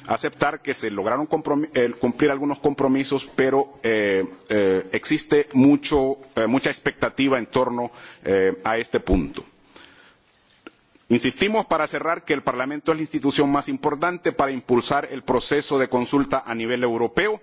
aceptar que se lograron eh, cumplir algunos compromisos, pero eh, eh, existe mucho, eh, mucha expectativa en torno eh, a este punto. Insistimos para cerrar que el Parlamento es la institución más importante para impulsar el proceso de consulta a nivel europeo